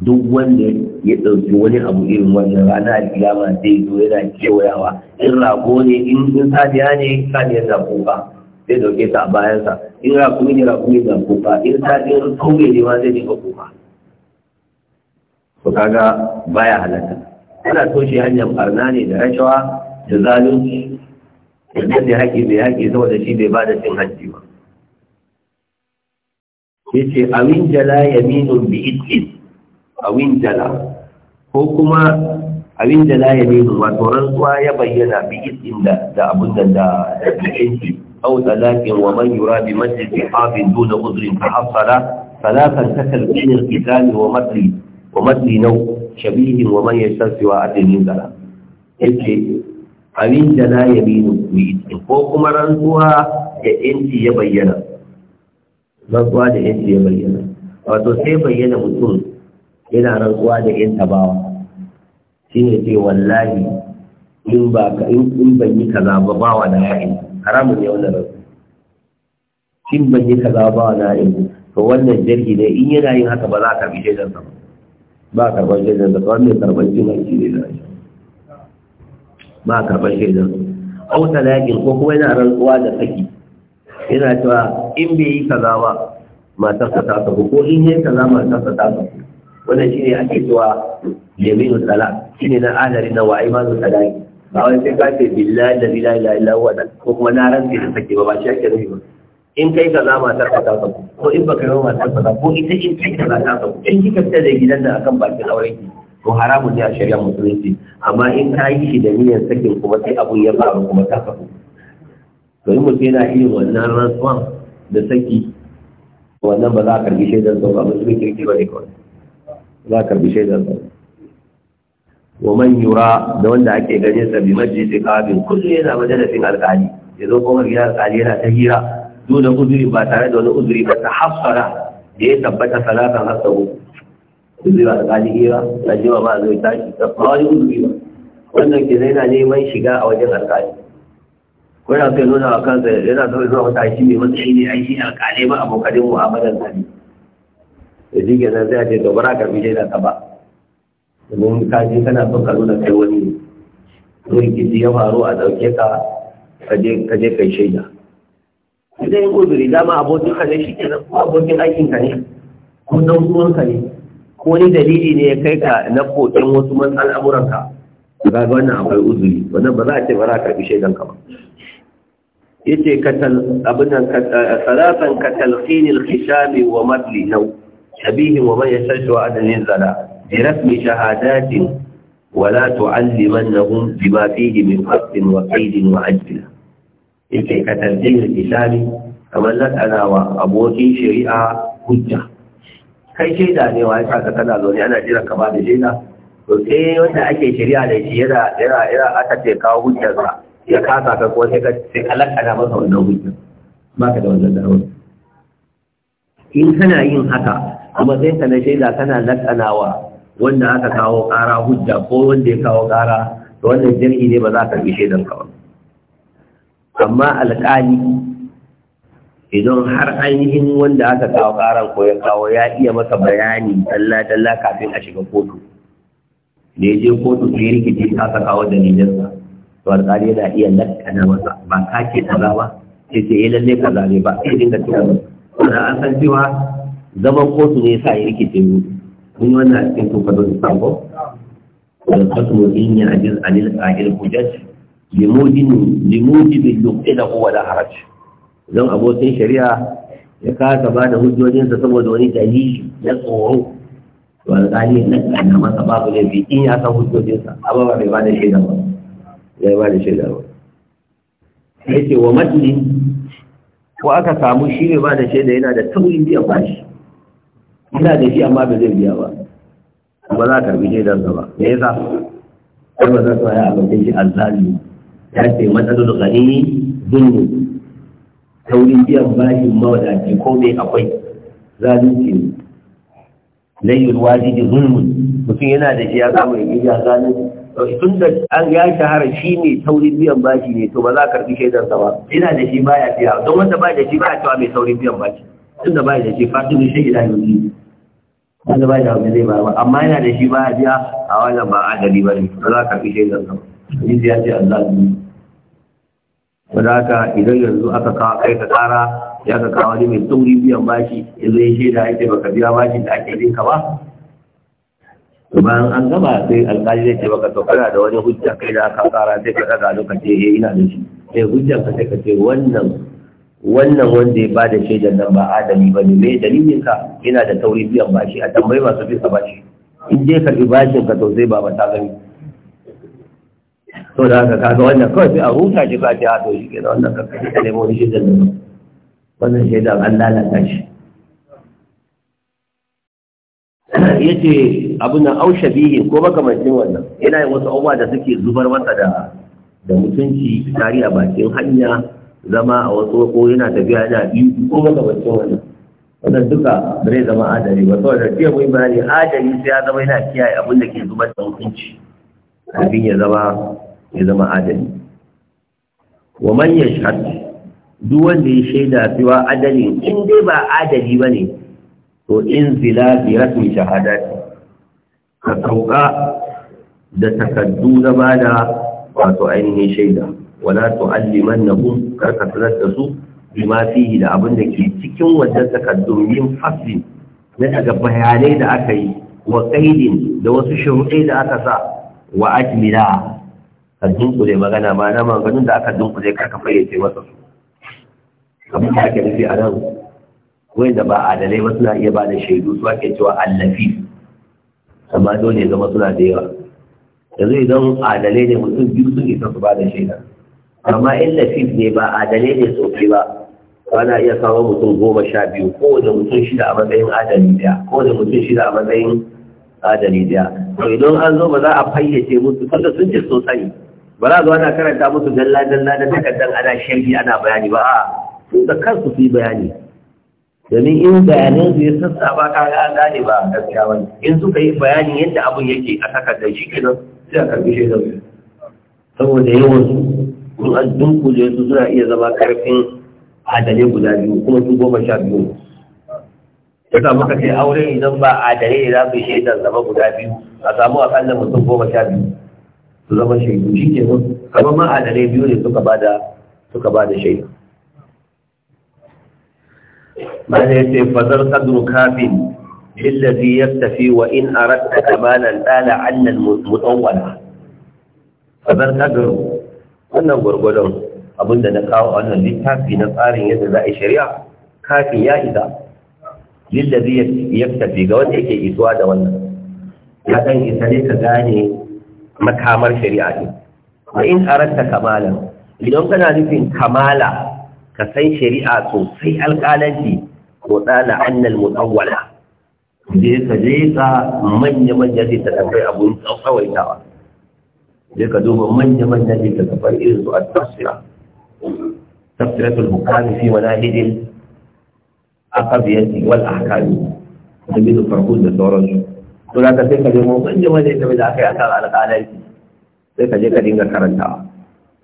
duk wanda ya ɗauki wani abu irin wannan rana kiyama zai zo yana kewayawa in rago ne in in sadiya ne sadiyar na kuka zai ɗauke ta a bayansa in rago ne ne na kuka in sadiyar kome ne ma zai dinga kuka to kaga baya halatta ana toshe hanyar barna ne da rashawa da zalunci idan ne haƙi bai haƙi saboda shi bai ba da cin hanci ba yace amin jala yaminun bi awin jala ko kuma abin da ya nemi wato rantsuwa ya bayyana bi isin da da abin da da yanci aw talakin wa man yura bi masjid hafin duna uzrin fa hasala salatan takal bin al-qital wa matli wa matli naw shabih wa man yastasi wa adin zala yace abin ya la yaminu bi isin ko kuma rantsuwa da yanci ya bayyana rantsuwa da yanci ya bayyana wato sai bayyana mutum yana rantsuwa da yan tabawa shi ne ce wallahi in ba ka in ban yi kaza ba bawa na ya'in haramun ne wannan rantsu in ban yi kaza ba wa na to wannan jirgi ne in yana yin haka ba za ka bi shaidar sa ba karɓar shaidar sa kawai mai karɓar cin hanci ne da shi ba karɓar shaidar au talaƙin ko kuma yana rantsuwa da saki yana cewa in bai yi kaza ba matarsa ta saku ko in yi kaza matarsa ta saku wannan shi ne ake zuwa cewa yaminu Shi ne na adari na wa'ai ma salaki ba wani sai ka ce billahi la ilaha illa huwa ko kuma na ran da take ba ba shi ake nufi ba in kai ka za matar ka ta ko in baka yi matar ka ta ko ita in kai ka za ta ka in kika fita da gidan da akan bakin auren ki Ko haramun ne a shari'a musulunci amma in ka yi shi da niyyar sakin kuma sai abun ya faru kuma ta ka to in mutum yana irin wannan rantsuwan da saki wannan ba za a karbi shaidar sau ba musulunci kirki ba ne kawai za ka bi shaidar sa wa man yura da wanda ake ganin sa bi majlisi qabin kullu yana majalisin alƙali ya zo kuma gidan alƙali yana ta hira dole uzuri ba tare da wani uzuri ba ta hafsara da ya tabbata salatan hasa uku uzuri ba alƙali hira na jima ba zai tashi ta wani uzuri ba wannan ke zai na neman shiga a wajen alƙali ko yana kai nuna wa kansa yana so zuwa wata shi mai matsayi ne ai shi alƙalai ba a mu'amalan sani da na zai sai a ce to bara karbi shaida ka ba domin ka je kana son ka nuna kai wani rikici ya faru a dauke ka ka je kai shaida idan yin uzuri dama abokin ka ne shi kenan ko abokin aikin ka ne ko don uwan ka ne ko wani dalili ne ya kai ka na kokin wasu man al'amuran ka ga wannan akwai uzuri wannan ba za a ce bara karbi shaidan ka ba yace katal abinan eh, salatan katalqinil khishami wa madli nau أبيه ومن يشهد أن ينزل برسم شهادات ولا تعلمنهم بما فيه من فصل وقيد وعجل إذن كتنزيل الإسلام kamar lakana wa abokin shari'a hujja kai shaida ne wa yasa ka kana zaune ana jiran ka ba da shaida to sai wanda ake shari'a da shi yana yana yana aka ce kawo hujjar ya kasa ka ko sai ka sai ka lakana masa wannan hujja baka da wannan in kana yin haka a matsayin ka na shaida kana lakanawa wanda aka kawo ƙara hujja ko wanda ya kawo kara to wannan jami'i ne ba za ka karɓi shaidan ka ba amma alƙali idan har ainihin wanda aka kawo ƙaran ko ya kawo ya iya maka bayani talla-talla kafin a shiga kotu da ya je kotu yi rikici ta ta kawo dalilinsa to alƙali yana iya lakana masa ba ka ce kaza ba sai sai eh, lalle ka zane ba sai dinga cewa wanda an san cewa zaman kotu ne sa ya rike tinu kun wannan a cikin tukadar da sabo da kasu in ajiyar alil anil qahil hujjat limujin limujin da kowa da haraj Don abokin shari'a ya kasa ba da hujjojinsa saboda wani dalili na tsoro to alƙali na kana masa babu laifi in ya san hujjojinsa ababa ba bai ba da shaida ba bai ba da shaida ba ce wa madli ko aka samu shi ne ba da shaida yana da taurin biyan bashi ina da shi amma ba zai biya ba ba za a karbi shaidar sa ba me yasa sai ba za su haya abokin shi azzali ya ce matsalar gani zulmi taurin biyan bashin mawadaci ko mai akwai zalunci ne layyul da zulmun mutum yana da shi ya samu ya iya zalunci tun da an ya shahara shi ne taurin biyan bashi ne to ba za a karbi shi da ba ina da shi baya fiya don wanda baya da shi baya cewa mai taurin biyan bashi tun da baya da shi shi shaida yanzu wanda ba da wanda zai ba ba amma yana da shi ba ya biya a wannan ba adali ba ne ba za ka fi shaidar zama hadisi ya ce Allah ne ba za ka idan yanzu aka kawo kai ka kara ya ka kawo ne mai tsauri biyan bashi yanzu ya shaida ya ce baka biya bashi da ake bin ka ba bayan an gama sai alkali zai ce baka to kana da wani hujja kai da aka kara sai ka daga lokaci eh ina da shi sai eh, hujjan ka sai ka ce wannan wannan wanda ya ba da shaidar nan ba adali ba ne mai dalilin ka yana da tauri biyan bashi a tambayi masu bisa bashi in je karɓi bashin ka to zai ba ba ta gani to da haka kaga wannan kawai sai a huta shi ba ta ah, to shi kenan wannan ka kace ka nemo shaidar nan wannan shaidar an lalata shi ce abin nan aushe shabihi ko makamancin wannan yana yin wasu abubuwa da suke zubar masa da da mutunci tari a bakin hanya zama a wasu ko yana tafiya yana biyu ko makamancin wannan wannan duka ba zai zama adali ba saboda jiya mun bayani adali sai ya zama yana kiyaye abin da ke zubar da hukunci abin ya zama ya zama adali wa man yashhad duk wanda ya shaida cewa adali in dai ba adali bane to in zila bi rasmi shahadati ka sauka da takaddu na bada wato ainihin shaida wala tu'allimannahum karka sanar da su ma fihi da abin da ke cikin wajen takaddum yin faslin na daga bayanai da aka yi wa qaidin da wasu shuruɗai da aka sa wa ajmila ka dunkule magana ma na maganin da aka dunkule karka fayyace masa su abin da ake nufi a nan da ba adalai ba suna iya ba da shaidu su ake cewa allafi amma dole zama suna da yawa yanzu idan adalai ne mutum biyu sun isa su ba da shaida amma in lafif ne ba adalai ne sosai ba ana iya kawo mutum goma sha biyu kowane mutum shida a matsayin adali daya kowane mutum shida a matsayin adali daya to idan an zo ba za a fayyace musu tunda sun ce sosai ba za a zo ana karanta musu dalla dalla da takardar ana shirgi ana bayani ba a sun da kansu su yi bayani domin in bayanan su ya sassa ba ka ga an gane ba gaskiya wani in suka yi bayanin yadda abun yake a takardar shi kenan sai a karbi shaidar saboda yawan su in an dunkule su suna iya zama karfin adalai guda biyu kuma su goma sha biyu yasa muka ce aure idan ba adalai ne za su yi shaidan zama guda biyu a samu akalla mutum goma sha biyu su zama shaidu shi ke nan kamar ma adalai biyu ne suka ba da suka ba da shaida mana ya ce fazar kadru kafin lillazi tafi wa in aradta kamalan ɗala annal mutawwala fazar kadru wannan gwargwadon abinda na kawo wannan littafi na tsarin yadda za a yi shari'a kafin ya isa lillazi ya tafi ga wanda yake isuwa da wannan ya dan isa ne ka gane makamar shari'a ne wa in aratta kamala. idan kana nufin kamala ka san shari'a sosai alƙalanci ko tsala annal mutawwala je ka je ka manya manya zai ta tambayi abun tsawaitawa sai ka duba manya-manyan littattafai irin su a tafsira tafsiratul hukami fi a aqabiyati wal ahkami da bin farko da sauran su to da ka sai ka je mu manya-manyan da aka yi a kan alƙalanci sai ka je ka dinga karantawa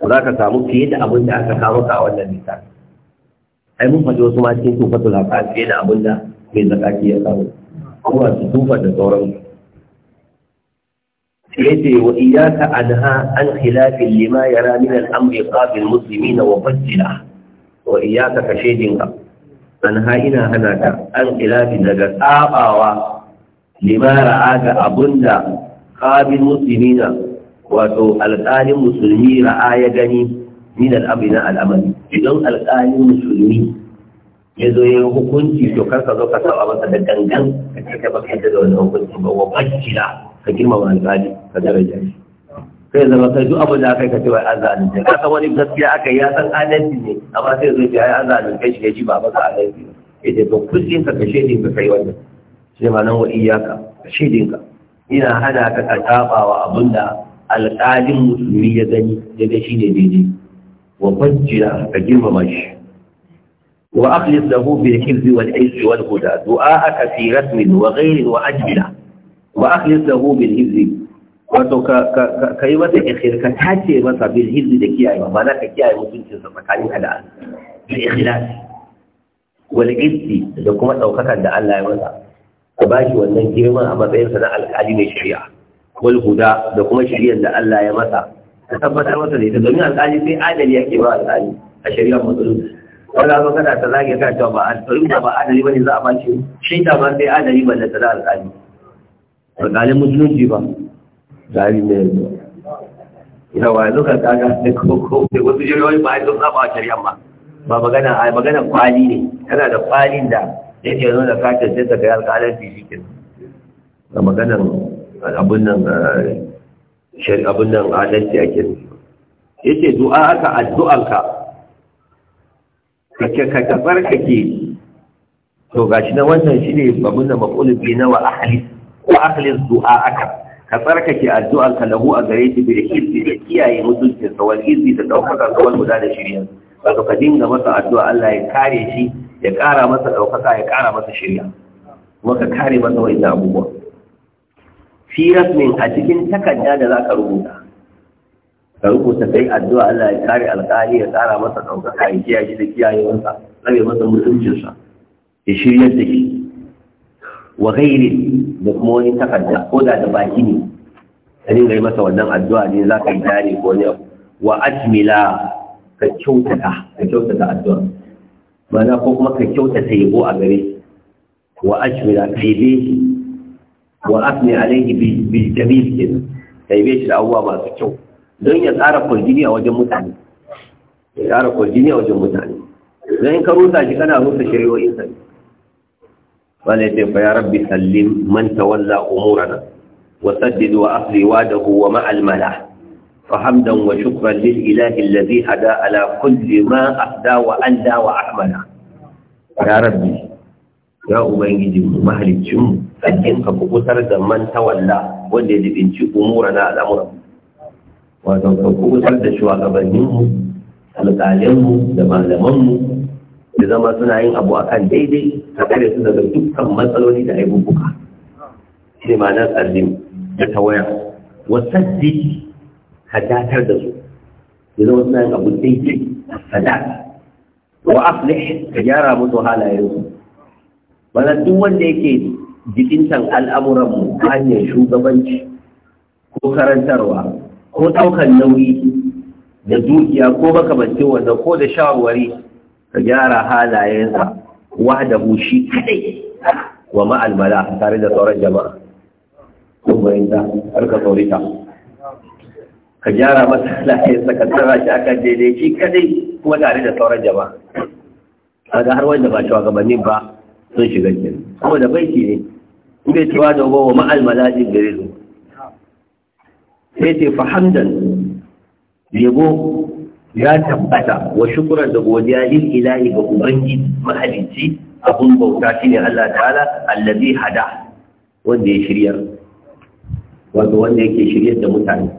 za ka samu fiye da abin da aka kawo ka a wannan littafi ai mun faɗi wasu ma cikin tufatul haka fiye da abin da mai zakaki ya kawo kuma su tufa da sauransu yace wa iyyaka anha an khilafin lima yara min al-amri qabil muslimina wa fajjila wa iyyaka ka shedinka anha ina hana ka an khilafin daga tsabawa lima ra'a ga abunda qabil muslimina wato alƙalin musulmi ra'a ya gani min al-amri na al-amali idan alƙalin musulmi ya zo ya hukunci to karka zo ka saba masa da gangan ka ce ka baka da wani hukunci ba wa fajjila ka girmama alƙali ka daraja shi sai zama sai duk abin da aka yi ka ce wai an zalunce ka san wani gaskiya aka yi ya san adalci ne amma sai zai ce ai an kai shi ya ji ba maka adalci ba ya ce to kullum ka kashe din ka kai wannan shi ne nan wa iyaka kashe din ka ina hana ka ka taɓa wa abin da alƙalin musulmi ya gani ya ga shi ne daidai wa fajjira ka girmama shi wa akhlis lahu bil hizbi wal izzi wal huda du'a ka fi rasmin wa ghairin wa ajmila wa akhlis lahu bil hizbi wato ka ka yi masa ikhir ka tace masa bil hizbi da kiyaye ba na ka kiyaye mutuncin sa tsakanin ka da Allah bil ikhlas wal izzi da kuma daukakan da Allah ya masa ka bashi wannan girman a matsayin sa na alƙali mai shari'a wal huda da kuma shari'ar da Allah ya masa ka tabbatar masa da ita domin alƙali sai adali yake ba alƙali a shari'ar musulunci wala zo kana ta zage ka ta ba alƙali ba adali bane za a bashi shi ta ma sai adali balle ta da alƙali alƙali musulunci ba tsari ne yanzu yawa yanzu kan kaga da koko da wasu jirgin ba a sun saba a shari'a ba ba magana a magana kwali ne yana da kwalin da ya ke zo da katin sai ta kai alƙalin fi ke da maganan abin nan abin nan adalci ake ya ce du'a aka addu'anka ka ka ka tsarkake to gashi na wannan shi ne babu na maƙulubi na wa ahalis wa akhlis du'a'aka ka tsarkake addu'ar ka lahu a gare shi bil hizbi da kiyaye mutuncin sa wal hizbi da daukaka ga wal guda da shirya wato ka dinga masa addu'a Allah ya kare shi ya kara masa daukaka ya kara masa shirya kuma ka kare masa wa'inda abubuwa fi rasmin a cikin takarda da ka rubuta ka rubuta kai addu'a Allah ya kare alƙali ya kara masa daukaka ya kiyaye shi da kiyaye kiyayewarsa tsare masa mutuncinsa ya shirya da shi wa gairi da kuma wani takarda ko da da baki ne ka dinga yi masa wannan addu'a ne za ka yi tare ko ne wa ajmila ka kyautata ka kyautata addu'a mana ko kuma ka kyautata yabo a gare shi wa ajmila ka yabe shi wa asmi alaihi bil jamil kenan ka yabe shi da abubuwa masu kyau don ya tsara kwaljini a wajen mutane ya tsara kwarjini a wajen mutane don ka rusa shi kana rusa shari'o'insa ne wala ce fa ya rabbi sallim man tawalla umurana wa saddid wa asli wadahu wa ma al mala fa hamdan wa shukran lil ilahi alladhi hada ala kulli ma ahda wa anda wa ahmala ya rabbi ya ubangiji mu mahalicin mu sakin ka kubutar da man tawalla wanda ya dibinci umurana al'amura wato ka kubutar da shugabanninmu alƙalinmu da malamanmu da zama suna yin abu a kan daidai a kare su daga dukkan matsaloli da aibubuka shi ne ma'anar tsallin da tawaya ji ka datar da su da zama suna yin abu daidai a sadaka wa aflih ka gyara musu halayensu mana duk wanda yake jikintan al'amuranmu ta hanyar shugabanci ko karantarwa ko ɗaukar nauyi da dukiya ko makamanci wanda ko da shawarwari ka gyara halayensa da shi kadai wa ma'almala tare da sauran jama'a bayan ta harka saurita. ka gyara masa halayensa ka tsara shi akan daidai shi kadai kuma tare da sauran jama'a A ga har wanda ba gabanin ba sun shiga Kuma da baiki ne in bai cewa da wa ma'almala din gare su sai ce fahamdan yabo ya tabbata wa shukran da godiya lil ilahi ga ubangiji mahalicci abun bauta shine Allah ta'ala allazi hada wanda ya shirya, wato wanda yake shirye da mutane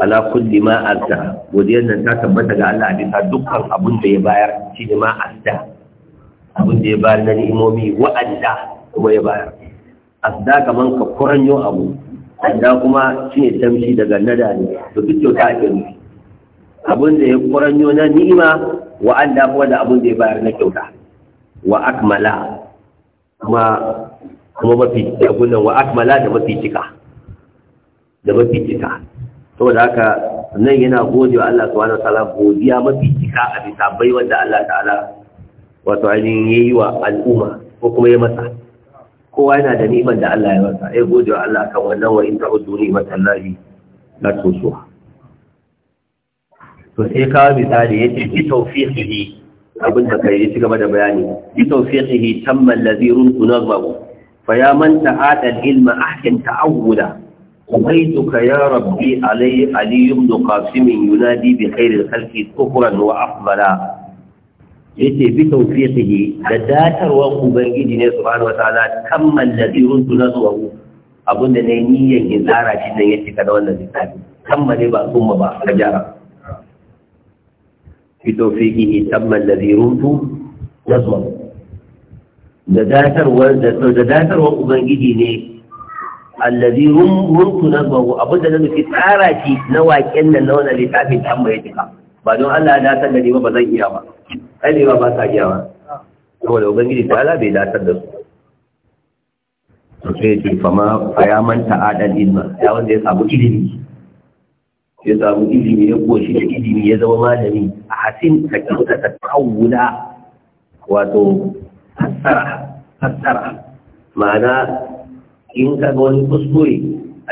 ala kulli ma arta godiyan nan ta tabbata ga Allah bisa dukkan abun da ya bayar shine ma arta abun da ya bayar na ni'imomi wa'anda kuma ya bayar asda kaman ka kuranyo abu asda kuma shine tamshi daga nada ne to duk kyauta ake nufi abin da ya kuranyo na ni'ima wa Allah huwa da abin da ya bayar na kyauta wa akmala kuma kuma mafi gunan wa akmala da mafi cika da mafi cika saboda haka nan yana gode wa Allah subhanahu wa ta'ala godiya mafi cika a bisa bai wanda Allah ta'ala wato ainihin yayi wa al'umma ko kuma ya masa kowa yana da ni'imar da Allah ya masa ai gode wa Allah kan wannan wa in ta'udu ni'matallahi la tusuha to sai kawo misali ya ce bi taufiqihi abin da kai ya ci gaba da bayani bi taufiqihi tamma allazi runtu nazmahu fa ya man ta'ata al-ilma ahkin ta'awuda وبيتك يا ربي علي علي بن قاسم ينادي بخير الخلق كفرا وافضلا yace bi tawfiqihi da datarwar ubangiji ne subhanahu wataala kammal ladhi runtu naswahu abunda ne niyyan in tsara shi ne ya cika da wannan lissafi kammale ba kuma ba ka jara بتوفيقه da zirutu na zuwa da datarwar da datarwar ubangiji ne allazi rumtu zuwa abinda na nufi tsara shi na waken nan na wani littafin ta ya cika ba don Allah ya datar da ni ba zan iya ba kai ne ba ba sa iya ba saboda ubangiji ta ala bai datar da su sosai sai ce fama manta ta'adal ilma ya wanda ya samu ilimi ya samu ilimi ya koshi da ilimi ya zama malami a hasin ka kyauta ta kawula wato fassara fassara ma'ana in ka ga wani kuskure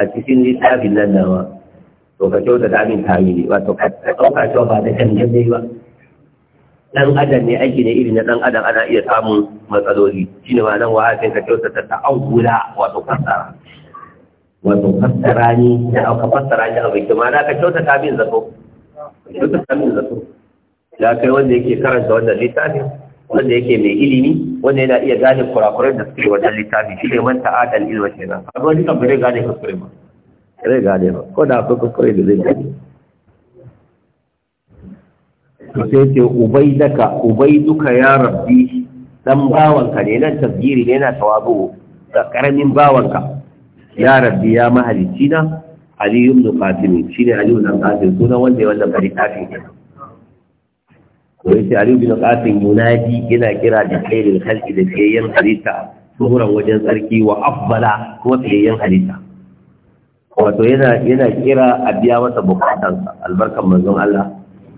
a cikin littafin nan nawa to ka kyauta da amin ne wato ka ɗauka cewa ba da kan gane ba dan adam ne aiki ne irin na dan adam ana iya samun matsaloli shine ma nan wahafin ka kyauta ta ta'awula wato fassara wato fassara ni ya auka fassara ne a bikin ma Na ka kyauta kamin min zato kyauta kamin zato ya kai wanda yake karanta wannan littafin wanda yake mai ilimi wanda yana iya gane kurakurai da suke wannan littafin shi ne manta adal ilma kenan abuwa ne kan bai gane kuskure ma zai gane ma ko da akwai kuskure da zai gane to sai ce ubaidaka ubaiduka ya rabbi dan bawanka ne nan tasgiri ne yana tawabu da karamin bawanka ya rabbi ya mahalicci na aliyu ibn shi ne aliyu ibn qasim suna wanda ya wallafa littafin kenan ko yace aliyu ibn qasim munadi yana kira da khairul khalqi da sayyan halitta suhuran wajen tsarki wa afdala kuma sayyan halitta wato yana yana kira a biya masa bukatansa albarkan manzon Allah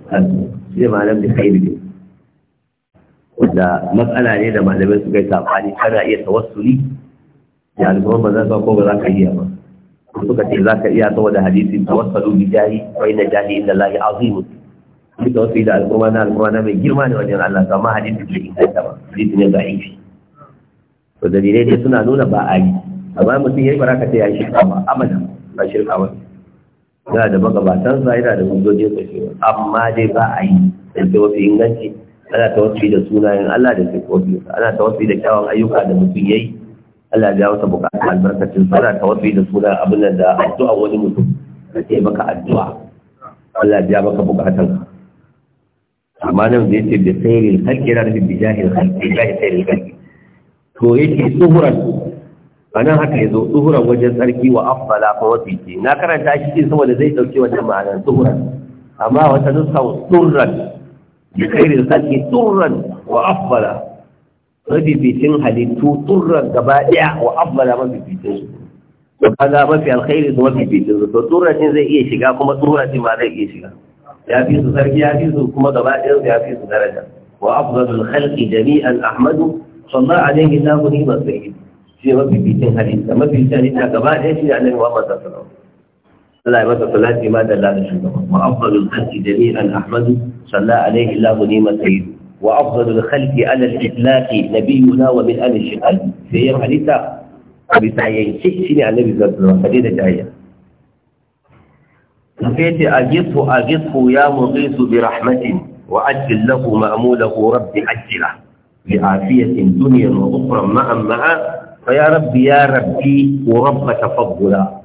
sai malam da khairul da matsala ne da malamai suka yi sabani kana iya tawassuli ɗaliban ba za ka ko ba za ka iya ba suka ce za ka iya wada hadisi wasu bi jahi Wai na jahi inda lahi azim duk da wasu da alƙur'ana na mai girma ne wajen Allah ma hadisi bai ta ba hadisi ne yi ifi to dalilai dai suna nuna ba a yi amma mutum ya yi baraka ta yi shirka ba amana ba shirka ba yana da magabatan sa yana da hujjojin sa amma dai ba a yi da ke wasu inganci ana ta wasu da sunayen Allah da kofi. ana ta wasu da kyawun ayyuka da mutum ya yi Allah ya wata bukata albarkacin sana ta wafi da suna abin da addu'a wani mutum ka ce maka addu'a Allah ya maka bukatan amma nan zai ce da sayirin halki na nufin bijahil halki bijahi sayirin halki to yake tsuhuran a nan haka yazo zo tsuhuran wajen tsarki wa afala ko wafi ce na karanta shi ce saboda zai ɗauki wajen ma'anar tsuhuran amma wata nusa tsurran bi sayirin halki tsurran wa afala mabibitin halittu turran gaba daya wa afdala mabibitin su to kaga mafi alkhairi da mabibitin su to turran din zai iya shiga kuma turran din ma zai iya shiga ya fi su sarki ya fi su kuma gaba daya ya fi su daraja wa afdalul khalqi jami'an ahmadu sallallahu alaihi wa sallam ni mabibitin shi mabibitin halitta mabibitin halitta gaba daya shi annabi Muhammad sallallahu alaihi wasallam Allah ya masa salati ma da Allah da shugaba wa afdalul khalqi jami'an ahmadu sallallahu alaihi wa sallam ni mabibitin وأفضل الخلق على الإطلاق نبينا ومن أهل الشمال في أيام حديثة بتعيين شيء شيء عن النبي صلى الله عليه وسلم حديثة تعيين فيت أجفه أجفه يا مغيث برحمة وأجل له مأموله رب أجله بعافية دنيا وأخرى معا معا فيا ربي يا ربي ورب تفضلا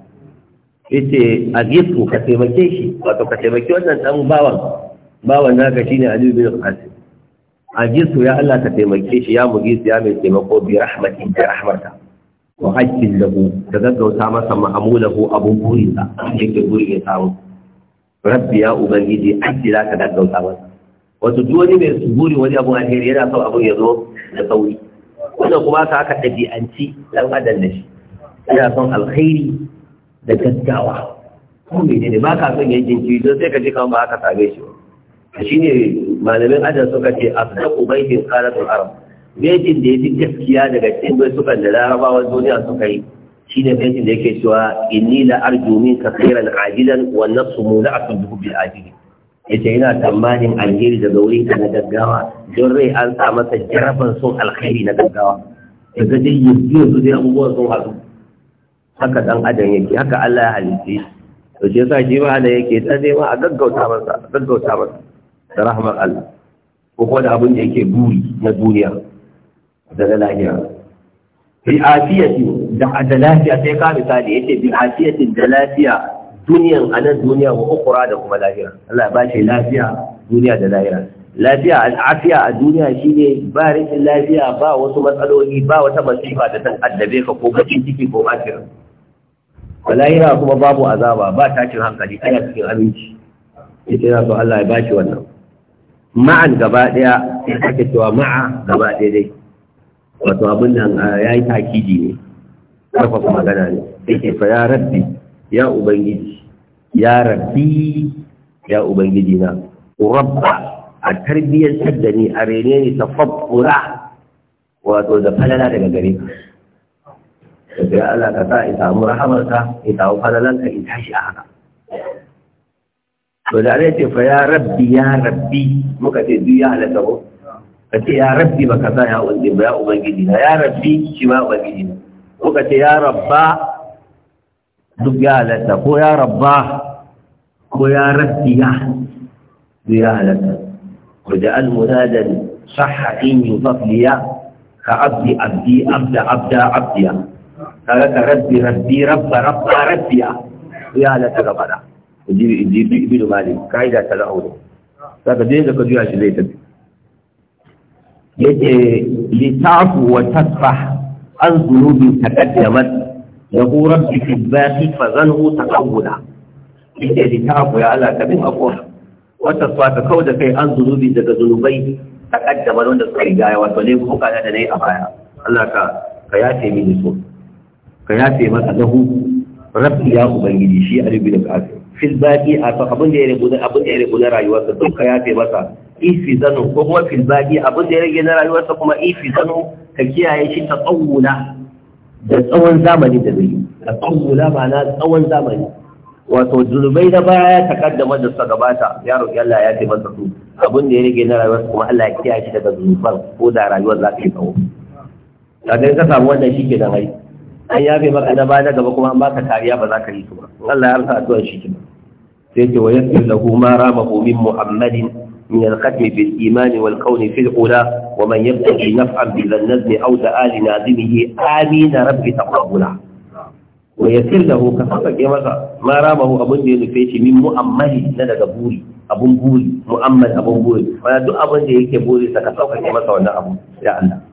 yace a gefu ka وأنا shi باوان باوان taimake wannan dan bawan bawan ajisu ya Allah ka taimake shi ya mugi su ya mai taimako bi rahmatin da rahmata wa hakkin ku, da gaggauta masa ma'amulahu abun burinsa yake buri ya samu rabbi ya ubangiji za ka gaggauta masa wato duk wani mai buri wani abun alheri yana son abun ya zo da sauri wannan kuma ka aka ɗabi'anci dan adam da shi yana son alheri da gaggawa ko menene ba ka son yankin don sai ka je kawai ba haka same shi ba shi ne malamin ajar suka ce a saku baitin karatun arab baitin da ya fi gaskiya daga cikin bai suka da larabawa duniya suka yi shi ne baitin da yake cewa inni la arju min ka khairan ajilan wa nafsu mula'atun duhu bil ajili yace yana tsammanin alheri daga wurin ka na gaggawa don rai an sa masa jarabar son alheri na gaggawa daga dai yanzu yanzu dai abubuwan sun haɗu haka dan adam yake haka Allah ya halitta shi to shi yasa shi ma da yake ta ma a gaggauta masa gaggauta masa da rahmar Allah ko kuma da abin da yake buri na duniya da na lahira bi afiyati da da lafiya sai ka misali yace bi afiyatin da lafiya duniyan anan duniya wa ukura da kuma lahira Allah ba shi lafiya duniya da lahira lafiya al'afiya a duniya shine ba rikin lafiya ba wasu matsaloli ba wata masifa da tan addabe ka ko bakin ciki ko akira lahira kuma babu azaba ba tashin hankali ana cikin aminci ita yana so Allah ya bashi wannan ma'an gaba ɗaya sai ake cewa ma'a gaba ɗaya dai wato abin nan ya yi takidi ne ƙarfafa magana ne sai ke fa ya rabbi ya ubangiji ya rabbi ya ubangiji na rabba a tarbiyyar da ni a rene ni ta fabbura wato da falala daga gare ka da sai Allah ka sa in samu rahamarka in samu falalanka in tashi a haka to da ne ce fa ya rabbi ya rabbi muka ce duk ya halatta ko ka ce ya rabbi ba ka sa ya wanda ba ya ubangiji na ya rabbi shi ma ubangiji na muka ce ya rabba duk ya halatta ko ya rabba ko ya rabbi ya duk ya halatta ko da al-munadan sahha in yudaf liya كعبدي عبدي عبد عبد عبديا قالت ربي ربي رب رب ربيا يا لتغبرا ibn malik kaida ta la'ura saka dai da ka juya shi zai tafi yace litafu wa tasbah an dhunubin taqaddamat lahu rabbi fi baqi fa zanhu taqawwala yace litafu ya Allah kabin afwa wa tasbah ka da kai an zunubi daga zunubai taqaddama wanda suka riga wato ne ko kana da yi a baya Allah ka ka yace mini so ka yace masa lahu rabbi ya ubangiji shi alibi da kafir fil baqi a abin da ya rabu da abin da ya rabu rayuwarsa duk ka yafe masa ifi zanu ko kuma fil baqi abin da ya rage na rayuwarsa kuma ifi zanu ka kiyaye shi ta tsawula da tsawon zamani da zai ta tsawula ma'ana tsawon zamani wato zunubai na baya ta kaddama da suka gabata ya roƙi Allah ya ce masa su abin da ya rage na rayuwarsa kuma Allah ya kiyaye shi daga zunuban ko da rayuwar za ta yi tsawo kaga in ka samu wannan shi ke da hari an yafe maka na baya gaba kuma an baka kariya ba za ka yi su ba Allah ya rasa addu'a shi kuma. sai ce wa yasir lahu ma ramahu min muhammadin min al-qatl bil iman wal qawl fi al-ula wa man yabtaji naf'an bil nazm aw da'al nazimihi amin rabbi taqabbala wa yasir lahu ka saka ke masa ma ramahu abun da ya nufe shi min muhammadi na daga buri abun buri muhammad abun buri wala duk abun da yake buri saka sauka ke masa wannan abu ya Allah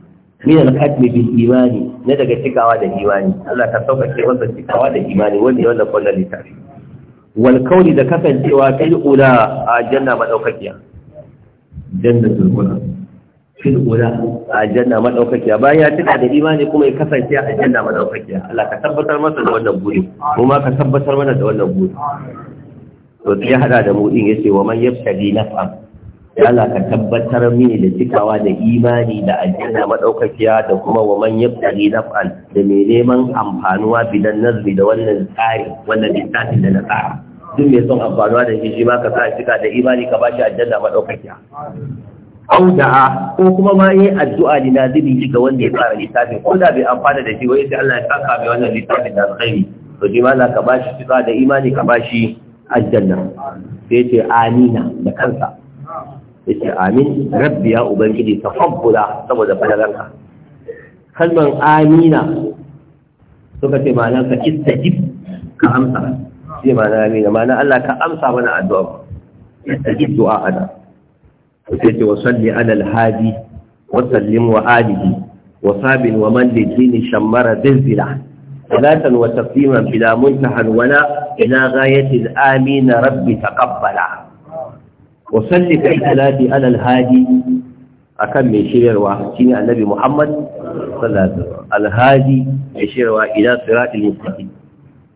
min al-qatl bil imani na daga cikawa da imani Allah ka sauƙaƙe masa cikawa da imani wanda ya wannan kwallon littafi wal kauni da kasancewa fil ula a janna madaukakiya jannatul ula fil ula a janna madaukakiya bayan ya cika da imani kuma ya kasance a janna madaukakiya Allah ka tabbatar masa da wannan buri kuma ka tabbatar mana da wannan buri to ya hada da mu din yace wa man yabtadi naf'a ya Allah ka tabbatar mini da cikawa da imani da aljanna madaukakiya da kuma wa man yabtaghi naf'al da mai neman amfanuwa bidan nazri da wannan tsari wannan littafin da na tsara duk mai son amfanuwa da shi ma ka sa cika da imani ka bashi aljanna madaukakiya au da ko kuma ma yi addu'a da nazibi ga wanda ya fara littafin ko da bai amfana da shi wai sai Allah ya saka mai wannan littafin da alkhairi to shi ma Allah ka bashi cika da imani ka bashi aljanna sai ce amina da kansa yake amin rabbi ya ubangiji tafabbula saboda fadalanka kalman amina suka ce ma'ana ka istajib ka amsa shi ma'ana amina ma'ana Allah ka amsa mana addu'a istajib du'a ana sai ce wa salli ala alhadi wa sallim wa alihi wa sabin wa man lidini shammara zilzila salatan wa taqdiman bila muntahan wala ila ghayatil amin rabbi taqabbala wa salli kai salati alal alhadi akan mai shiryarwa shine annabi Muhammad sallallahu alaihi wasallam alhadi mai shiryarwa ila siratil mustaqim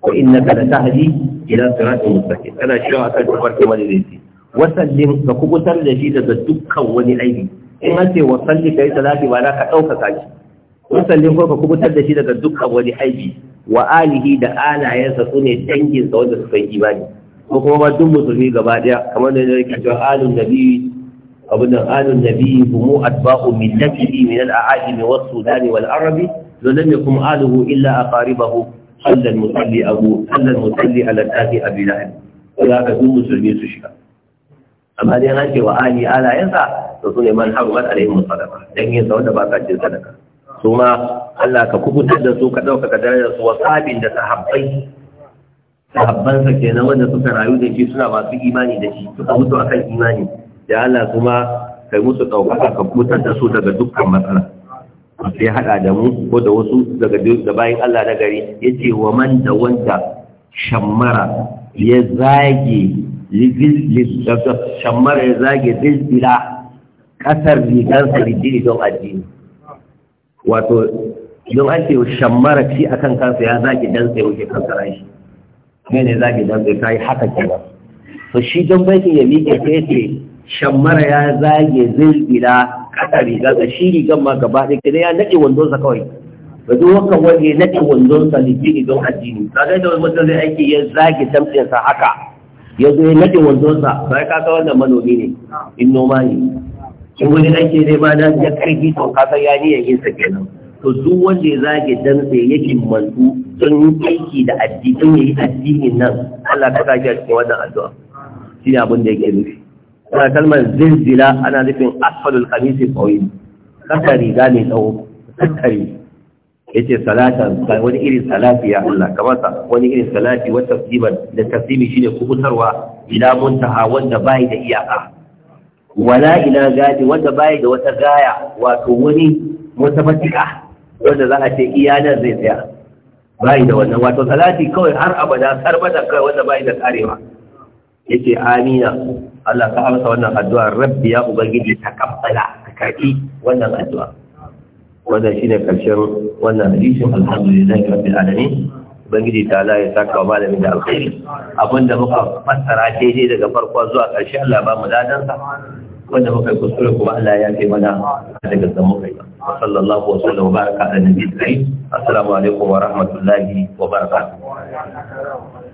wa innaka latahdi ila siratil mustaqim kana shiryarwa akan tafarki madaidaici wa sallim ka kubutar da shi daga dukkan wani aibi in an ce wa salli kai salati ba za ka ɗaukaka shi wa ko ka kubutar da shi daga dukkan wani aibi wa alihi da alayensa sune ne danginsa wanda suka yi imani ko kuma ba duk musulmi gaba daya kamar da yake cewa alun nabi abin da alun nabi humu atba'u millatihi min al-a'ajim wa sudan wal arabi lam yakum aluhu illa aqaribahu alla al-musalli abu alla al-musalli a al-abi abi lahab ya ka duk musulmi su shiga amma dai an ce wa ali ala yansa to ne man harumat alaihim sadaqa dan yin sa wanda ba ka jin sadaka su ma Allah ka kubutar da su ka dauka ka darajar su wasabin da sahabbai sahabbansa kenan wanda suka rayu da shi suna masu imani da shi suka mutu akan imani da Allah kuma kai musu ɗaukaka ka kutar da su daga dukkan matsala sai haɗa da mu ko da wasu daga da bayan Allah na gari ya ce wa man da wanda shammara ya zage shammara ya zage zilzila ƙasar rigarsa rijiri don addini wato don an ce shammara shi akan kansa ya zage dan sai wuce kansa shi kai ne zagi don sai kai haka kenan to shi don ya miƙe sai ce shammara ya zage zilbila kasa riga da shi rigan ma gaba ɗaya kidan ya naɗe wanzonsa kawai Ba duk wanka wani ya naɗe sa ne ne don addini ba ga da wani zai aiki ya zage sa haka ya zo ya naɗe wanzonsa. ba ya kaka wannan manomi ne in noma ne in wani aiki ne ma na ya karfi to kasa ya ya yi sa kenan to duk wanda ya zage dan sai yake mantu don aiki da addini yayi addinin nan Allah ka sake cikin wannan addu'a shi ne abin da yake nufi ana kalmar zilzila ana nufin asfalul qamisi qawi kasa riga ne tsawo kasari yace salatan wani irin salati ya Allah kamar sa wani irin salati wa tasdiban da tasdibi shine kubutarwa ila muntaha wanda bai da iyaka wala ila gadi wanda bai da wata gaya wato wani wata matika wanda za a ce iyanar zai tsaya bayi da wannan wato salati kawai har abada bada kawai wanda bayi da karewa ya ce amina Allah ka amsa wannan addu'a rabbi ya ubangiji ta kabbala ka karbi wannan addu'a wannan shi ne wannan hadisin alhamdulillah rabbil alamin ubangiji ta Allah ya saka wa malamin da alkhairi abinda muka fassara daidai daga farko zuwa karshe Allah ba mu dadansa wanda muka yi kuskure kuma Allah ya ce mana daga zama kai ba wa sallallahu wa sallam wa baraka da nabi kai assalamu alaikum wa rahmatullahi wa barakatuh